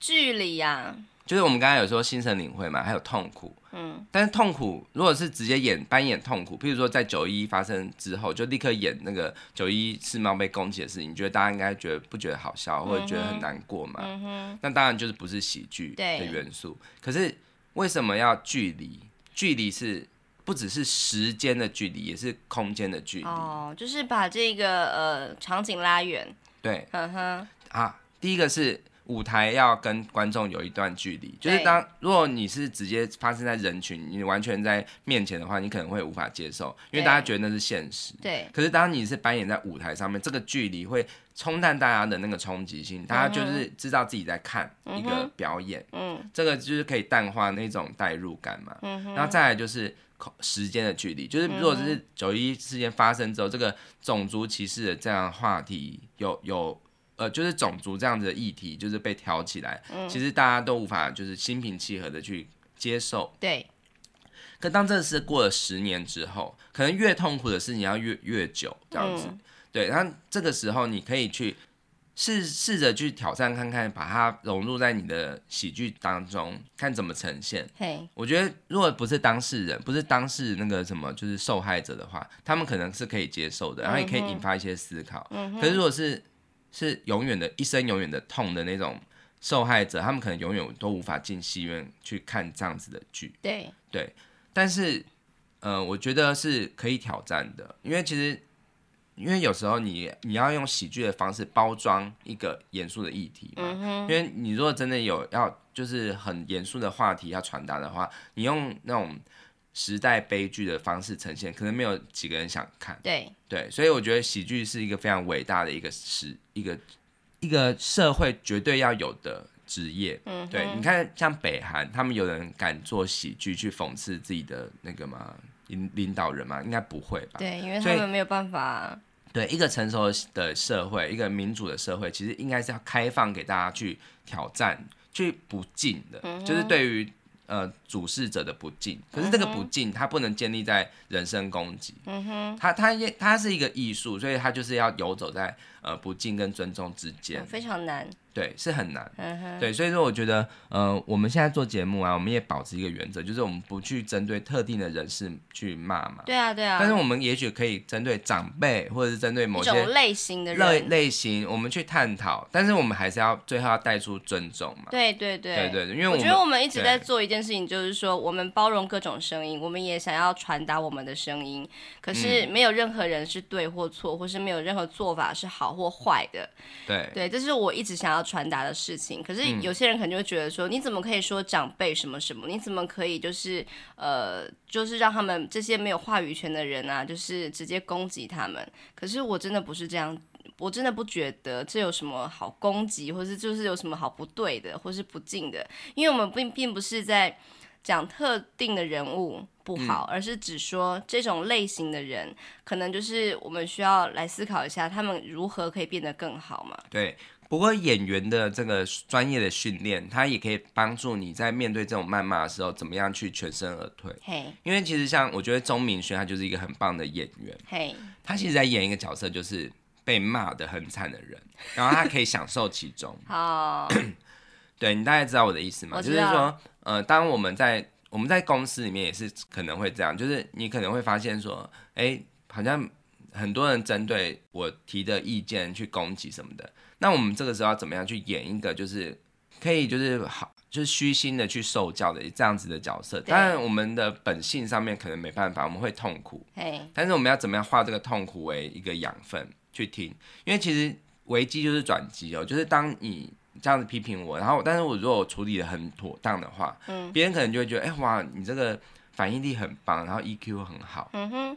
距離呀、啊，就是我們剛才有說心神領會嘛，還有痛苦。嗯，但是痛苦如果是直接演，扮演痛苦，譬如說在九一一發生之後就立刻演那個九一一世貿被攻擊的事情，你覺得大家應該覺得不覺得好笑，嗯，或者覺得很難過嘛？那，嗯，當然就是不是喜劇的元素。對。可是為什麼要距離？距離是不只是時間的距離，也是空間的距離。哦，就是把這個呃場景拉遠。對。嗯哼。啊，第一個是。舞台要跟觀眾有一段距離，就是當如果你是直接發生在人群，你完全在面前的話，你可能會無法接受，因為大家覺得那是現實。對。可是當你是扮演在舞台上面，這個距離會沖淡大家的那個衝擊性，大家就是知道自己在看一個表演。嗯,嗯,嗯。這個就是可以淡化那種代入感嘛。嗯。然後再來就是空時間的距離，就是如果是九一事件發生之後，這個種族歧視的這樣話題有有。有呃，就是種族這樣子的議題，就是被挑起來，嗯、其實大家都無法就是心平氣和的去接受，對。可當這事過了十年之後，可能越痛苦的事情要越越久這樣子，嗯、對。然後這個時候你可以去試試着去挑戰看看，把它融入在你的喜劇當中，看怎麼呈現。嘿，我覺得如果不是當事人，不是當事那個什麼，就是受害者的話，他們可能是可以接受的，然後也可以引發一些思考。嗯、可是如果是。是永遠的一生永遠的痛的那種受害者，他們可能永遠都無法進戲院去看這樣子的劇。對對，但是，呃，我覺得是可以挑戰的，因為其實，因為有時候你你要用喜劇的方式包裝一個嚴肅的議題嘛、嗯，因為你如果真的有要就是很嚴肅的話題要傳達的話，你用那種。時代悲劇的方式呈現，可能沒有幾個人想看。對對，所以我覺得喜劇是一個非常偉大的一個是一個一個社會絕對要有的職業。嗯，對，你看像北韓，他們有人敢做喜劇去諷刺自己的那個嗎？領領導人嗎？應該不會吧？對，因為他們沒有辦法啊。對，一個成熟的社會，一個民主的社會，其實應該是要開放給大家去挑戰、去不敬的。嗯，就是對於呃。主事者的不敬，可是這個不敬，他不能建立在人身攻擊。嗯哼，他他也他是一個藝術，所以他就是要遊走在呃不敬跟尊重之間，非常難。對，是很難。嗯哼，對，所以說我覺得呃我們現在做節目啊，我們也保持一個原則，就是我們不去針對特定的人士去罵嘛。對啊，對啊。但是我們也許可以針對長輩，或者是針對某些類型，一種類型的人，類，類型，我們去探討。但是我們還是要最後要帶出尊重嘛。對對對。對對，對，因為我，我覺得我們一直在做一件事情，就。就是說，我們包容各種聲音，我們也想要傳達我們的聲音。可是沒有任何人是對或錯，或是沒有任何做法是好或壞的。對、嗯、對，這是我一直想要傳達的事情。可是有些人可能就會覺得說、嗯，你怎麼可以說長輩什麼什麼？你怎麼可以就是呃，就是讓他們這些沒有話語權的人啊，就是直接攻擊他們？可是我真的不是這樣，我真的不覺得這有什麼好攻擊，或是就是有什麼好不對的，或是不敬的，因為我們並並不是在。講特定的人物不好，嗯、而是只說這種類型的人，可能就是我們需要來思考一下，他們如何可以變得更好嘛？對。不過演員的這個專業的訓練，他也可以幫助你在面對這種謾罵的時候，怎麼樣去全身而退？嘿、hey,。因為其實像我覺得鍾明軒他就是一個很棒的演員。嘿、hey,。他其實在演一個角色，就是被罵得很慘的人，然後他可以享受其中。好、 oh.。 對，你大概知道我的意思嗎？就是說，呃，當我們在我們在公司裡面也是可能會這樣，就是你可能會發現說，哎，好像很多人針對我提的意見去攻擊什麼的。那我們這個時候要怎麼樣去演一個就是可以就是好就是虛心的去受教的這樣子的角色？當然，我們的本性上面可能沒辦法，我們會痛苦。對。但是我們要怎麼樣化這個痛苦為一個養分去聽？因為其實危機就是轉機哦，就是當你。這樣子批評我，然後但是我如果我處理的很妥當的話，嗯，別人可能就會覺得，哎、欸、哇，你這個反應力很棒，然後 EQ 很好，嗯哼，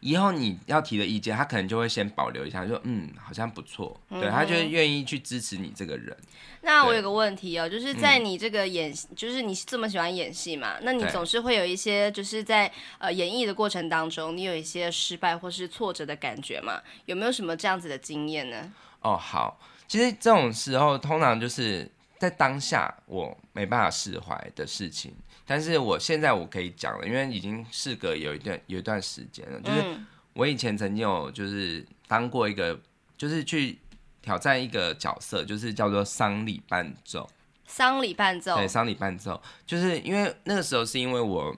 以後你要提的意見，他可能就會先保留一下，就說嗯，好像不錯、嗯，對，他就願意去支持你這個人。嗯、那我有個問題哦，就是在你這個演，嗯、就是你這麼喜歡演戲嘛，那你總是會有一些就是在呃演繹的過程當中，你有一些失敗或是挫折的感覺嘛？有沒有什麼這樣子的經驗呢？哦好。其實這種時候，通常就是在當下我沒辦法釋懷的事情，但是我現在我可以講了，因為已經事隔有一段有一段時間了。就是我以前曾經有就是當過一個，就是去挑戰一個角色，就是叫做喪禮伴奏。喪禮伴奏，對，喪禮伴奏，就是因為那個時候是因為我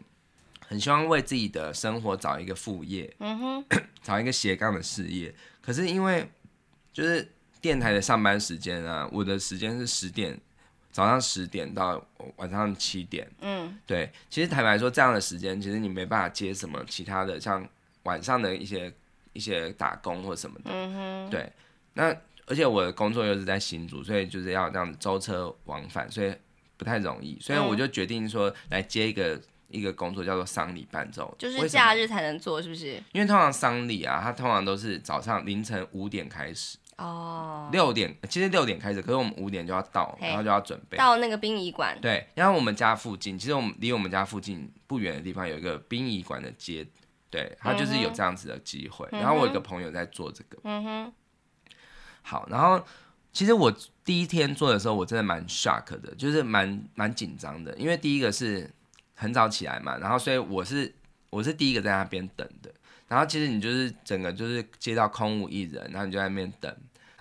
很希望為自己的生活找一個副業，嗯哼，找一個斜槓的事業。可是因為就是。電台的上班時間啊，我的時間是十點，早上十點到晚上七點。嗯，對。其實坦白說，這樣的時間其實你沒辦法接什麼其他的，像晚上的一些一些打工或什麼的。嗯哼。對，那而且我的工作又是在新竹，所以就是要這樣子舟車往返，所以不太容易。所以我就決定說，來接一個、嗯、一個工作，叫做喪禮伴奏。就是假日才能做，是不是？因為通常喪禮啊，它通常都是早上凌晨五點開始。哦、oh.，六點其實六點開始，可是我們五點就要到，hey, 然後就要準備到那個殯儀館。對，然後我們家附近，其實我們離我們家附近不遠的地方有一個殯儀館的街，對，他就是有這樣子的機會。Mm-hmm. 然後我有一個朋友在做這個，嗯哼。好，然後其實我第一天做的時候，我真的蠻 shock 的，就是蠻蠻緊張的，因為第一個是很早起來嘛，然後所以我是我是第一個在那邊等的。然後其實你就是整個就是街道空無一人，然後你就在那邊等。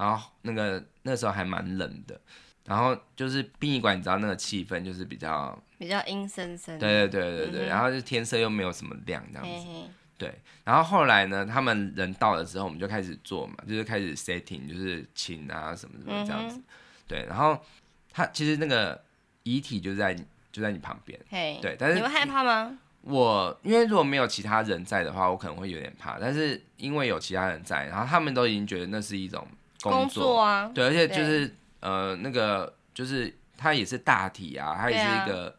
然後那個那時候還蠻冷的，然後就是殯儀館，你知道那個氣氛就是比較比較陰森森，對對對對對、嗯。然後就天色又沒有什麼亮這樣子，嘿嘿對。然後後來呢，他們人到了之後，我們就開始做嘛，就是開始 setting，就是請啊什麼什麼這樣子，嗯、對。然後他其實那個遺體就在就在你旁邊，對。但是你會害怕嗎？我因為如果沒有其他人在的話，我可能會有點怕，但是因為有其他人在，然後他們都已經覺得那是一種。工作啊，對，而且就是呃，那個就是他也是大體啊，他也是一個，啊、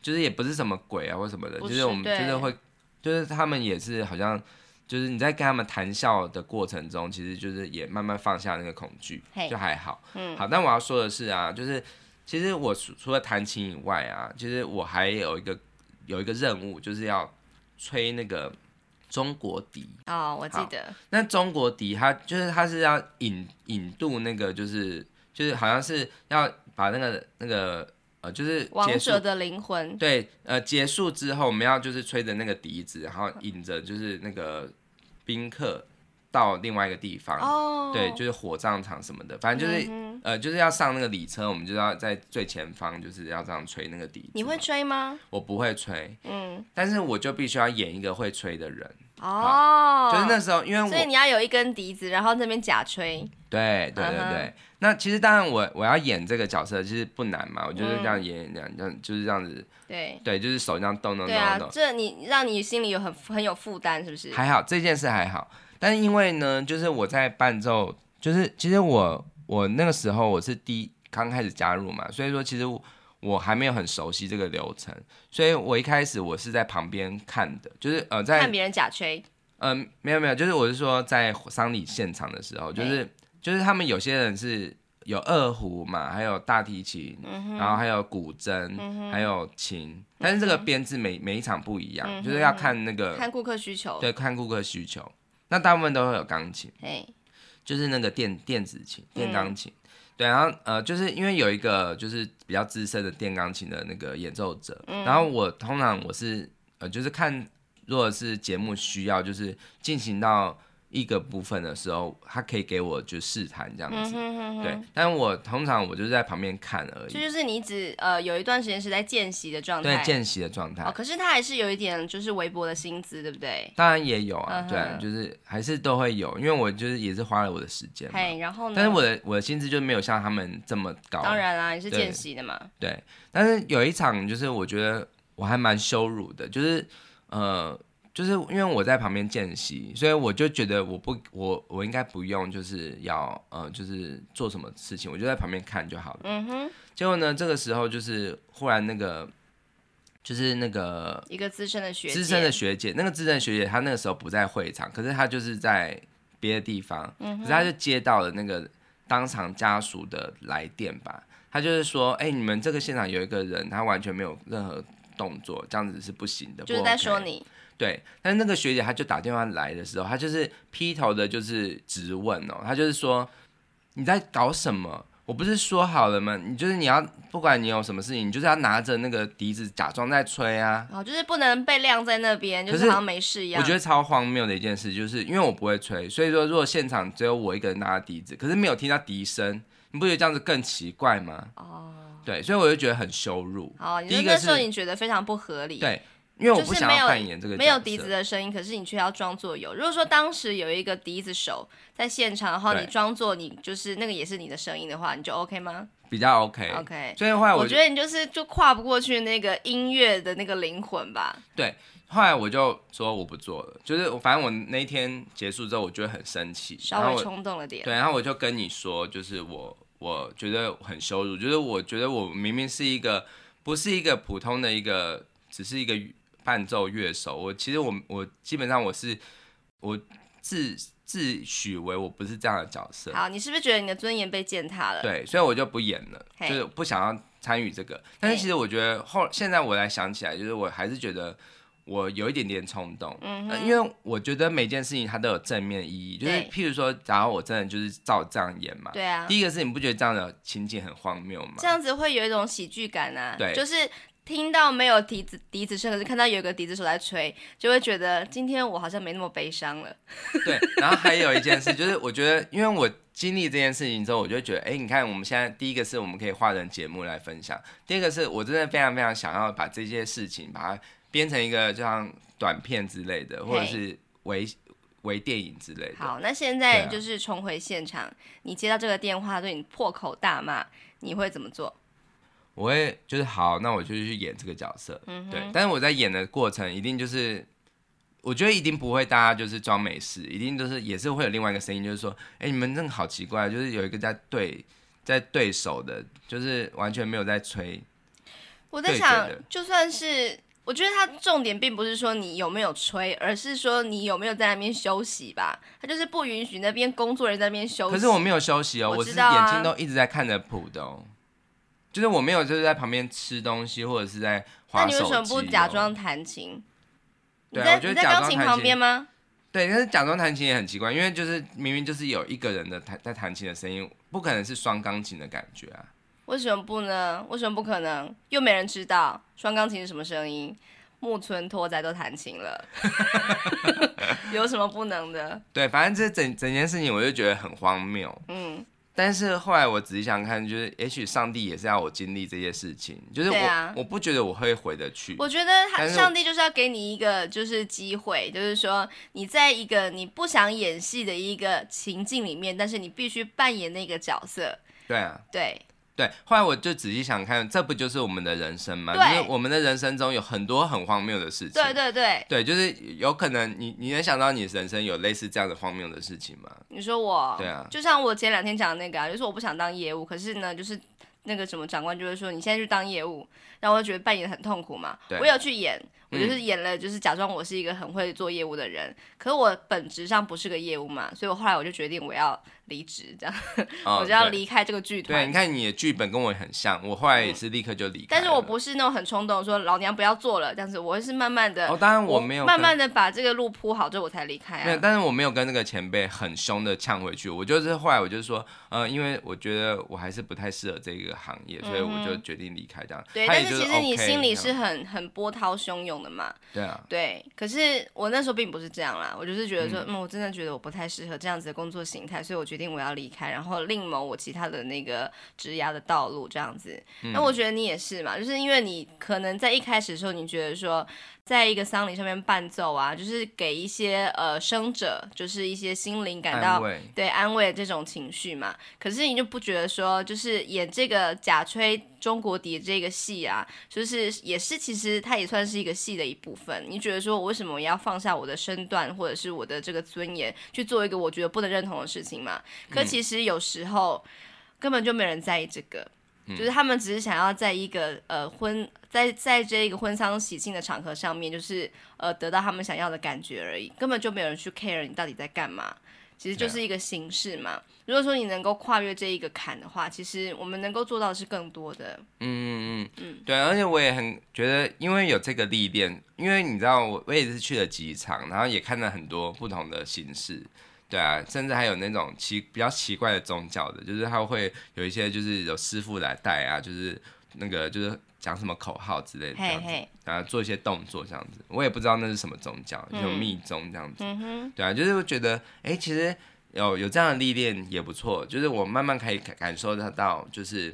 就是也不是什麼鬼啊或什麼的，是就是我們就是會，就是他們也是好像，就是你在跟他們談笑的過程中，其實就是也慢慢放下那個恐懼，就還好，嗯，好。但我要說的是啊，就是其實我除了彈琴以外啊，其實我還有一個有一個任務，就是要吹那個。中國笛哦，我記得。那中國笛它，它就是它是要引引渡那個，就是就是好像是要把那個那個呃，就是結束王者的靈魂。對，呃，結束之後，我們要就是吹着那個笛子，然後引着就是那個賓客。到另外一個地方，oh. 對，就是火葬場什麼的，反正就是、mm -hmm. 呃，就是要上那個禮車，我們就要在最前方，就是要這樣吹那個笛。你會吹嗎？我不會吹，嗯，但是我就必須要演一個會吹的人。哦、oh.，就是那時候，因為我所以你要有一根笛子，然後那邊假吹。對對對對，uh -huh. 那其實當然我我要演這個角色其實不難嘛，我就是這樣演，mm -hmm. 這樣就是這樣子。對對，就是手這樣動動動動。啊、這你讓你心裡有很很有負擔，是不是？還好這件事還好。但因為呢，就是我在伴奏，就是其實我我那個時候我是第一，剛開始加入嘛，所以說其實我，我還沒有很熟悉這個流程，所以我一開始我是在旁邊看的，就是呃在看別人假吹，嗯、呃，沒有沒有，就是我是說在喪禮現場的時候，嗯、就是就是他們有些人是有二胡嘛，還有大提琴，嗯、然後還有古箏、嗯，還有琴，但是這個編制每每一場不一樣，嗯、就是要看那個看顧客需求，對，看顧客需求。那大部分都會有鋼琴，就是那個電電子琴、電鋼琴、嗯，對。然後呃，就是因為有一個就是比較資深的電鋼琴的那個演奏者，嗯，然後我通常我是呃，就是看如果是節目需要，就是進行到。一個部分的時候，他可以給我就試探這樣子，嗯哼哼哼，對。但我通常我就是在旁邊看而已。這就，就是你只呃有一段時間是在見習的狀態。對，見習的狀態。哦，可是他還是有一點就是微薄的薪資，對不對？當然也有啊，嗯、對啊，就是還是都會有，因為我就是也是花了我的時間嘛嘿。然後呢。但是我的我的薪資就沒有像他們這麼高。當然啦，啊，也是見習的嘛對。對，但是有一場就是我覺得我還蠻羞辱的，就是呃。就是因為我在旁邊見習，所以我就覺得我不我我應該不用就是要呃就是做什麼事情，我就在旁邊看就好了。嗯哼。結果呢，這個時候就是忽然那個就是那個一個資深的學資深的學姐，那個資深的學姐她那個時候不在會場，可是她就是在別的地方、嗯，可是她就接到了那個當場家屬的來電吧，她就是說，哎、欸，你們這個現場有一個人，他完全沒有任何動作，這樣子是不行的，就是在說你。對，但那個學姐她就打電話來的時候，她就是劈頭的，就是質問哦，她就是說，你在搞什麼？我不是說好了嗎？你就是你要，不管你有什麼事情，你就是要拿着那個笛子假裝在吹啊。哦，就是不能被晾在那邊，就是好像沒事一樣。我覺得超荒謬的一件事，就是因為我不會吹，所以說如果現場只有我一個人拿着笛子，可是沒有聽到笛聲，你不覺得這樣子更奇怪嗎？哦，對，所以我就覺得很羞辱。哦，第一個時候你覺得非常不合理。對。因為我不想扮演這個、就是沒，沒有笛子的聲音，可是你卻要裝作有。如果說當時有一個笛子手在現場的話，然後你裝作你就是那個也是你的聲音的話，你就 OK 嗎？比較 OK。OK。所以後來我，我覺得你就是就跨不過去那個音樂的那個靈魂吧。對，後來我就說我不做了。就是反正我那天結束之後，我覺得很生氣，稍微衝動了點。對，然後我就跟你說，就是我我覺得很羞辱，就是我覺得我明明是一個不是一個普通的一個，只是一個。伴奏樂手，我其實我我基本上我是我自自詡為我不是這樣的角色。好，你是不是覺得你的尊嚴被踐踏了？對，所以我就不演了，hey. 就是不想要參與這個。但是其實我覺得後現在我來想起來，就是我還是覺得我有一點點衝動。嗯、hey. 呃，因為我覺得每件事情它都有正面意義、嗯，就是譬如說，假如我真的就是照這樣演嘛。對啊。第一個是你不覺得這樣的情景很荒謬嗎？這樣子會有一種喜劇感啊。對，就是。聽到沒有笛子笛子聲，可是看到有一個笛子手在吹，就會覺得今天我好像沒那麼悲傷了。對，然後還有一件事就是，我覺得因為我經歷這件事情之後，我就覺得，哎、欸，你看我們現在第一個是，我們可以化成節目來分享，第二個是我真的非常非常想要把這些事情把它編成一個就像短片之類的，或者是微為、hey. 微電影之類的。好，那現在就是重回現場、啊，你接到這個電話，對你破口大罵，你會怎麼做？我會就是好，那我就去演這個角色、嗯。對，但是我在演的過程一定就是，我覺得一定不會大家就是裝沒事，一定都是也是會有另外一個聲音，就是說，哎、欸，你們真的好奇怪，就是有一個在對在對手的，就是完全沒有在吹。我在想，就算是我覺得他重點並不是說你有沒有吹，而是說你有沒有在那邊休息吧。他就是不允許那邊工作人員在那邊休息。可是我沒有休息哦，我、啊、我是眼睛都一直在看着譜的。就是我沒有，就是在旁邊吃東西，或者是在滑手機。那你為什麼不假裝彈琴？對，我覺得假裝彈琴？你在鋼琴旁邊嗎？對，但是假裝彈琴也很奇怪，因為就是明明就是有一個人的彈在彈琴的聲音，不可能是雙鋼琴的感覺啊。為什麼不呢？為什麼不可能？又沒人知道雙鋼琴是什麼聲音。木村拓哉都彈琴了， 有什麼不能的？對，反正這整整件事情我就覺得很荒謬。嗯。但是後來我仔細想看，就是也許上帝也是要我經歷這些事情，就是我，對啊，我不覺得我會回得去。我覺得上帝就是要給你一個就是機會，就是說你在一個你不想演戲的一個情境裡面，但是你必須扮演那個角色。對啊，對。對，後來我就仔細想看，這不就是我們的人生嗎？因為我們的人生中有很多很荒謬的事情。對對對，對，就是有可能你你能想到你的人生有類似這樣的荒謬的事情嗎？你說我，對啊，就像我前兩天講的那個啊，就是我不想當業務，可是呢，就是那個什麼長官就會說你現在去當業務，然後我覺得扮演很痛苦嘛，對，我有去演。我就是演了，就是假裝我是一個很會做業務的人，嗯、可是我本質上不是個業務嘛，所以我後來我就決定我要離職，這樣，哦、 我就要離開這個劇團。對，你看你的劇本跟我很像，我後來也是立刻就離開。嗯、但是我不是那種很衝動說老娘不要做了，這樣子我是慢慢的，哦，當然我沒有我慢慢的把這個路鋪好之後我才離開啊。對，但是我沒有跟那個前輩很凶的嗆回去，我就是後來我就是說，呃，因為我覺得我還是不太適合這個行業，所以我就決定離開這樣。嗯、OK, 對，但是其實你心裡是很很波濤洶湧。對啊，對，可是我那時候並不是這樣啦，我就是覺得說嗯，嗯，我真的覺得我不太適合這樣子的工作形態，所以我決定我要離開，然後另謀我其他的那個職涯的道路，這樣子。那我覺得你也是嘛，就是因為你可能在一開始的時候，你覺得說，在一個喪禮上面伴奏啊，就是給一些呃生者，就是一些心靈感到安慰，對，安慰這種情緒嘛。可是你就不覺得說，就是演這個假吹中國笛這個戲啊，就是也是其實它也算是一個戲的一部分。你覺得說我為什麼我要放下我的身段，或者是我的這個尊嚴去做一個我覺得不能認同的事情嘛？可其實有時候根本就沒人在意這個。嗯就是他們只是想要在一個呃婚在在這一個婚喪喜慶的場合上面，就是呃得到他們想要的感覺而已，根本就沒有人去 care 你到底在幹嘛，其實就是一個形式嘛。啊、如果說你能夠跨越這一個坎的話，其實我們能夠做到的是更多的。嗯嗯嗯對，而且我也很覺得，因為有這個歷練，因為你知道我我也是去了幾場，然後也看了很多不同的形式。對啊，甚至還有那種奇比較奇怪的宗教的，就是他會有一些就是有師傅來帶啊，就是那個就是講什麼口號之類的這樣子，Hey, hey. 啊做一些動作這樣子，我也不知道那是什麼宗教，就是、密宗這樣子、嗯。對啊，就是我覺得哎、欸，其實有有這樣的歷練也不錯，就是我慢慢可以感感受得到，就是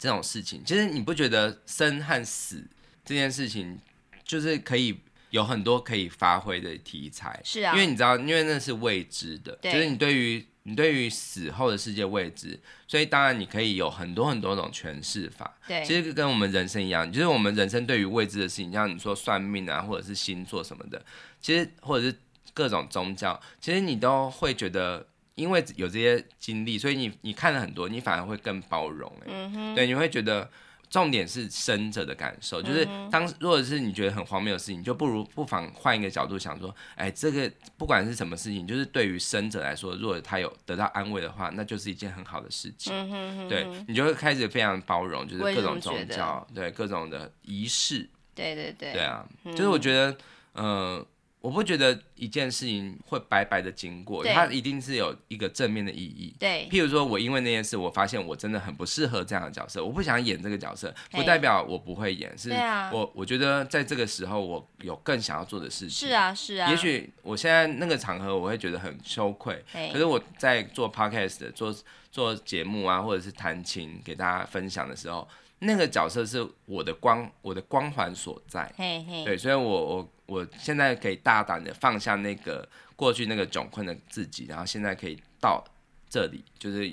這種事情，其實你不覺得生和死這件事情就是可以。有很多可以發揮的題材，是啊，因為你知道，因為那是未知的，就是你對於你對於死後的世界未知，所以當然你可以有很多很多種詮釋法。對，其實跟我們人生一樣，就是我們人生對於未知的事情，像你說算命啊，或者是星座什麼的，其實或者是各種宗教，其實你都會覺得，因為有這些經歷，所以你你看了很多，你反而會更包容欸，嗯哼，對，你會覺得。重點是生者的感受，嗯、就是當如果是你覺得很荒謬的事情，你就不如不妨換一個角度想說，哎、欸，這個不管是什麼事情，就是對於生者來說，如果他有得到安慰的話，那就是一件很好的事情。嗯哼嗯哼，對，你就會開始非常包容，就是各種宗教，對各種的儀式。對對對。對啊，就是我覺得，嗯。呃我不覺得一件事情會白白的經過，它一定是有一個正面的意義。對，譬如說我因為那件事，我發現我真的很不適合這樣的角色，我不想演這個角色，不代表我不會演，是。對啊。我我覺得在這個時候，我有更想要做的事情。是啊，是啊。也許我現在那個場合，我會覺得很羞愧。可是我在做 podcast 做、做做節目啊，或者是彈琴給大家分享的時候，那個角色是我的光，我的光環所在。嘿嘿。對，所以我我。我現在可以大膽的放下那個過去那個窘困的自己，然後現在可以到這裡，就是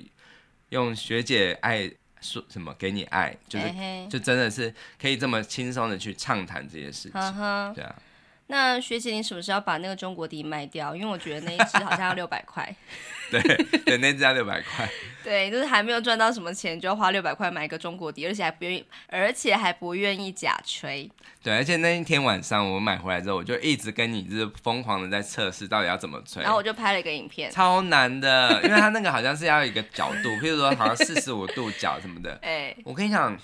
用學姐愛說什麼給你愛，就是 就真的是可以這麼輕鬆的去暢談這些事情， 對啊。那學姐，你是不是要把那個中國笛賣掉？因為我覺得那一只好像要六百塊。 對，對，那只要六百塊。 對，就是還沒有賺到什麼錢，就要花六百塊買一個中國笛，而且還不願意，而且還不願意假吹。對，而且那一天晚上我買回來之後，我就一直跟你就是瘋狂的在測試到底要怎麼吹。然後我就拍了一個影片。超難的，因為它那個好像是要一個角度， 譬如說好像四十五度角什麼的。對、 欸，我跟你講。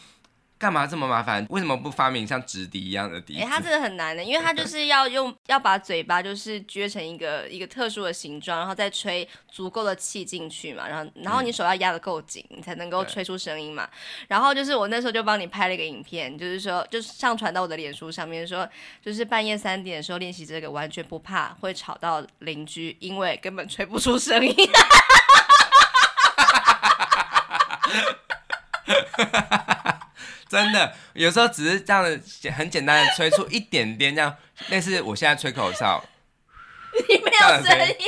幹嘛這麼麻煩？為什麼不發明像直笛一樣的笛？哎、欸，它這個很難的，因為它就是要用要把嘴巴就是撅成一個一個特殊的形狀，然後再吹足夠的氣進去嘛。然後，然後你手要壓得夠緊、嗯，你才能夠吹出聲音嘛。然後就是我那時候就幫你拍了一個影片，就是說，就是上傳到我的臉書上面說，說就是半夜三點的時候練習這個，完全不怕會吵到鄰居，因為根本吹不出聲音。 真的，有時候只是這樣子很簡單的吹出 一點點，這樣類似我現在吹口哨， 你沒有聲音，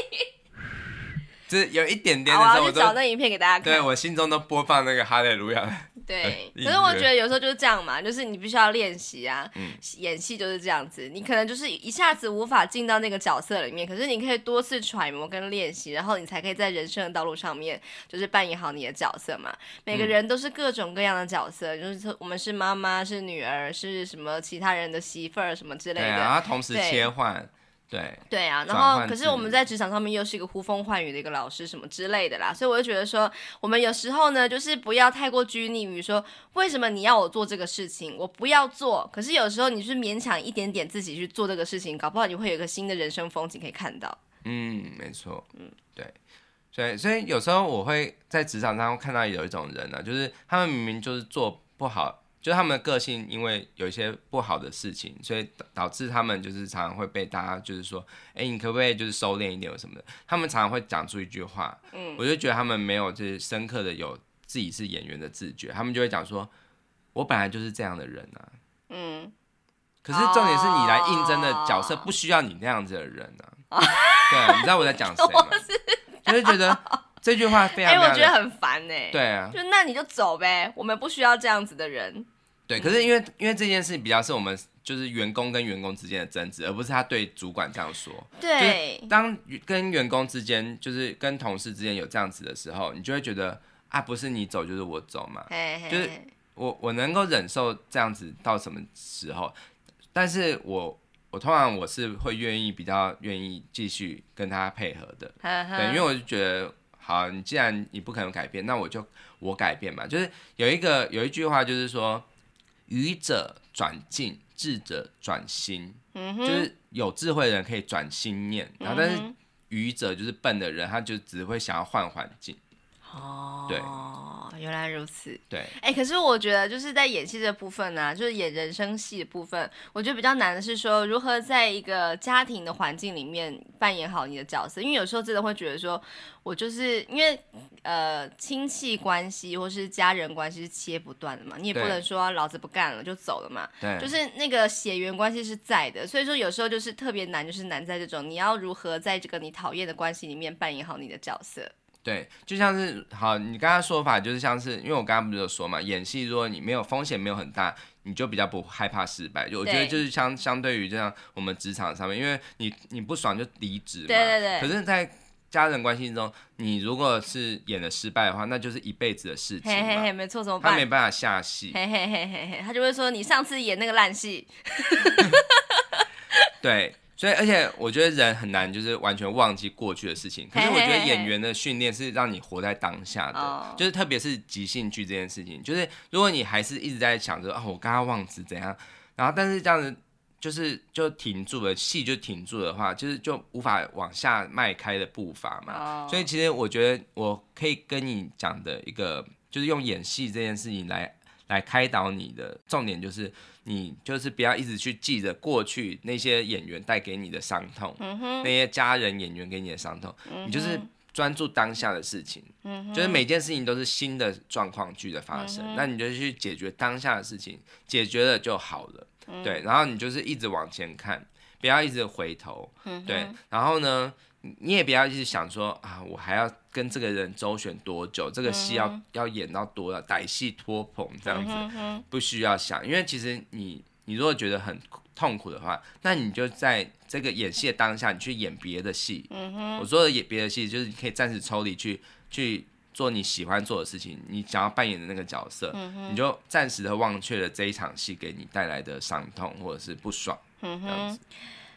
只 有一點點的時候我，我、啊、找那影片給大家看。對，我心中都播放那個哈利路亞。Hallelujah 對，可是我覺得有時候就是這樣嘛，就是你必須要練習啊，嗯、演戲就是這樣子，你可能就是一下子無法進到那個角色裡面，可是你可以多次揣摩跟練習，然後你才可以在人生的道路上面，就是扮演好你的角色嘛。每個人都是各種各樣的角色，嗯、就是我們是媽媽，是女兒，是什麼其他人的媳婦兒什麼之類的，然後、啊、同時切換。對對啊，然後可是我們在職場上面又是一個呼風喚雨的一個老師什麼之類的啦，所以我就覺得說，我們有時候呢，就是不要太過拘泥於說，為什麼你要我做這個事情，我不要做。可是有時候你是勉強一點點自己去做這個事情，搞不好你會有個新的人生風景可以看到。嗯，沒錯。嗯，對，所以所以有時候我會在職場當中看到有一種人呢、啊，就是他們明明就是做不好。就他們的個性，因為有一些不好的事情，所以導致他們就是常常會被大家就是說，哎、欸，你可不可以就是收斂一點什麼的？他們常常會講出一句話、嗯，我就覺得他們沒有就是深刻的有自己是演員的自覺，他們就會講說，我本來就是這樣的人啊，嗯。可是重點是你來應徵的角色不需要你那樣子的人啊，啊 對，你知道我在講誰嗎？ 我是就是覺得。這句話非常，為、欸、我覺得很煩哎、欸。對啊，就那你就走唄，我們不需要這樣子的人。對，可是因為因為這件事比較是我們就是員工跟員工之間的爭執，而不是他對主管這樣說。對，就是、當跟員工之間就是跟同事之間有這樣子的時候，你就會覺得啊，不是你走就是我走嘛。 就是我我能夠忍受這樣子到什麼時候？但是我我通常我是會願意比較願意繼續跟他配合的。 對，因為我就覺得。好，你既然你不可能改變，那我就我改變嘛。就是有一個有一句話，就是說，愚者轉境，智者轉心。嗯哼。就是有智慧的人可以轉心念，然後但是愚者就是笨的人，他就只會想要換環境。嗯哼。對。原來如此，對，哎、欸，可是我覺得就是在演戲這部分呢，啊，就是演人生戲的部分，我覺得比較難的是說，如何在一個家庭的環境裡面扮演好你的角色，因為有時候真的會覺得說，我就是因為呃親戚關係或是家人關係是切不斷的嘛，你也不能說老子不幹了就走了嘛，對，就是那個血緣關係是在的，所以說有時候就是特別難，就是難在這種你要如何在這個你討厭的關係裡面扮演好你的角色。對，就像是好，你剛剛說法就是像是，因為我剛剛不是有說嘛，演戲如果你沒有風險，沒有很大，你就比較不害怕失敗。就我覺得就是相相對於這樣，我們職場上面，因為你你不爽就離職嘛。對對對。可是，在家人關係中，你如果是演的失敗的話，那就是一輩子的事情。嘿嘿嘿，沒錯，怎麼辦？他沒辦法下戲。嘿嘿嘿嘿嘿，他就會說你上次演那個爛戲。 對。所以，而且我覺得人很難就是完全忘記過去的事情。可是我覺得演員的訓練是讓你活在當下的，就是特別是即興劇這件事情，就是如果你還是一直在想着哦，我剛剛忘記怎樣，然後但是這樣子就是就停住了，戲就停住的話，就是就無法往下邁開的步伐嘛。所以其實我覺得我可以跟你講的一個就是用演戲這件事情來來開導你的重點就是。你就是不要一直去記着過去那些演員帶給你的傷痛、嗯，那些家人演員給你的傷痛、嗯，你就是專注當下的事情、嗯，就是每件事情都是新的狀況劇的發生、嗯，那你就去解決當下的事情，解決了就好了、嗯，對，然後你就是一直往前看，不要一直回頭，嗯、對，然後呢？你也不要一直想說啊，我還要跟這個人周旋多久？這個戲要、嗯、要演到多少？歹戲拖棚這樣子、嗯哼哼，不需要想。因為其實你你如果覺得很痛苦的話，那你就在這個演戲的當下，你去演別的戲、嗯。我說的演別的戲，就是你可以暫時抽離去去做你喜歡做的事情，你想要扮演的那個角色，嗯、你就暫時的忘卻了這一場戲給你帶來的傷痛或者是不爽這樣子。嗯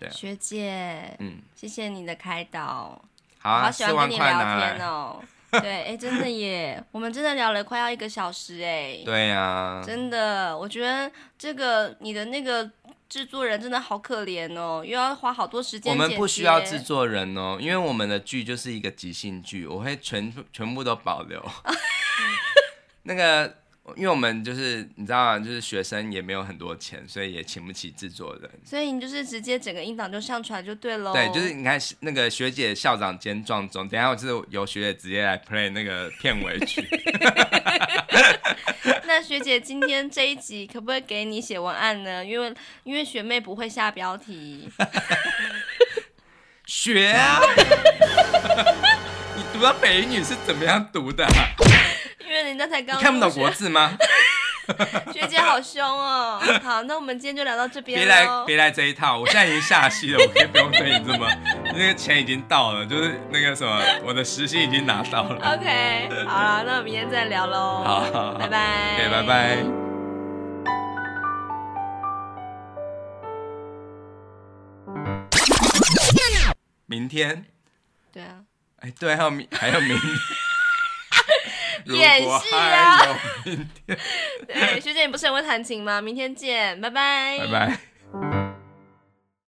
學姐，嗯，謝謝你的開導，好、啊、好喜歡跟你聊天哦、喔。 對，哎、欸，真的耶，我們真的聊了快要一個小時哎。對呀、啊，真的，我覺得這個你的那個製作人真的好可憐哦、喔，又要花好多時間。我們不需要製作人哦、喔，因為我們的劇就是一個即興劇，我會全全部都保留。 那個。因為我們就是你知道、啊，就是學生也沒有很多錢，所以也請不起制作人。所以你就是直接整個音檔就上傳就對嘍。對，就是你看那個學姐校長兼撞鐘，等下我就是由學姐直接來 play 那個片尾曲。 那學姐今天這一集可不可以給你寫文案呢？因為因為學妹不會下標題。 學啊！ 你讀到北一女是怎麼樣讀的、啊？ 因為人家才剛入學，你看不懂國字嗎？ 學姐好凶哦、喔！好，那我們今天就聊到這邊。別來別來這一套，我現在已經下戲了， 我可以不用對你這麼。那個錢已經到了，就是那個什麼，我的時薪已經拿到了。OK，對對對，好了，那我們明天再聊嘍。好好好好，拜拜。對、okay，拜拜。明天。對啊。哎、欸，對、啊，還有明，還有明。 演戲啊！對，學姐你不是很會彈琴嗎？明天見，拜拜，拜拜。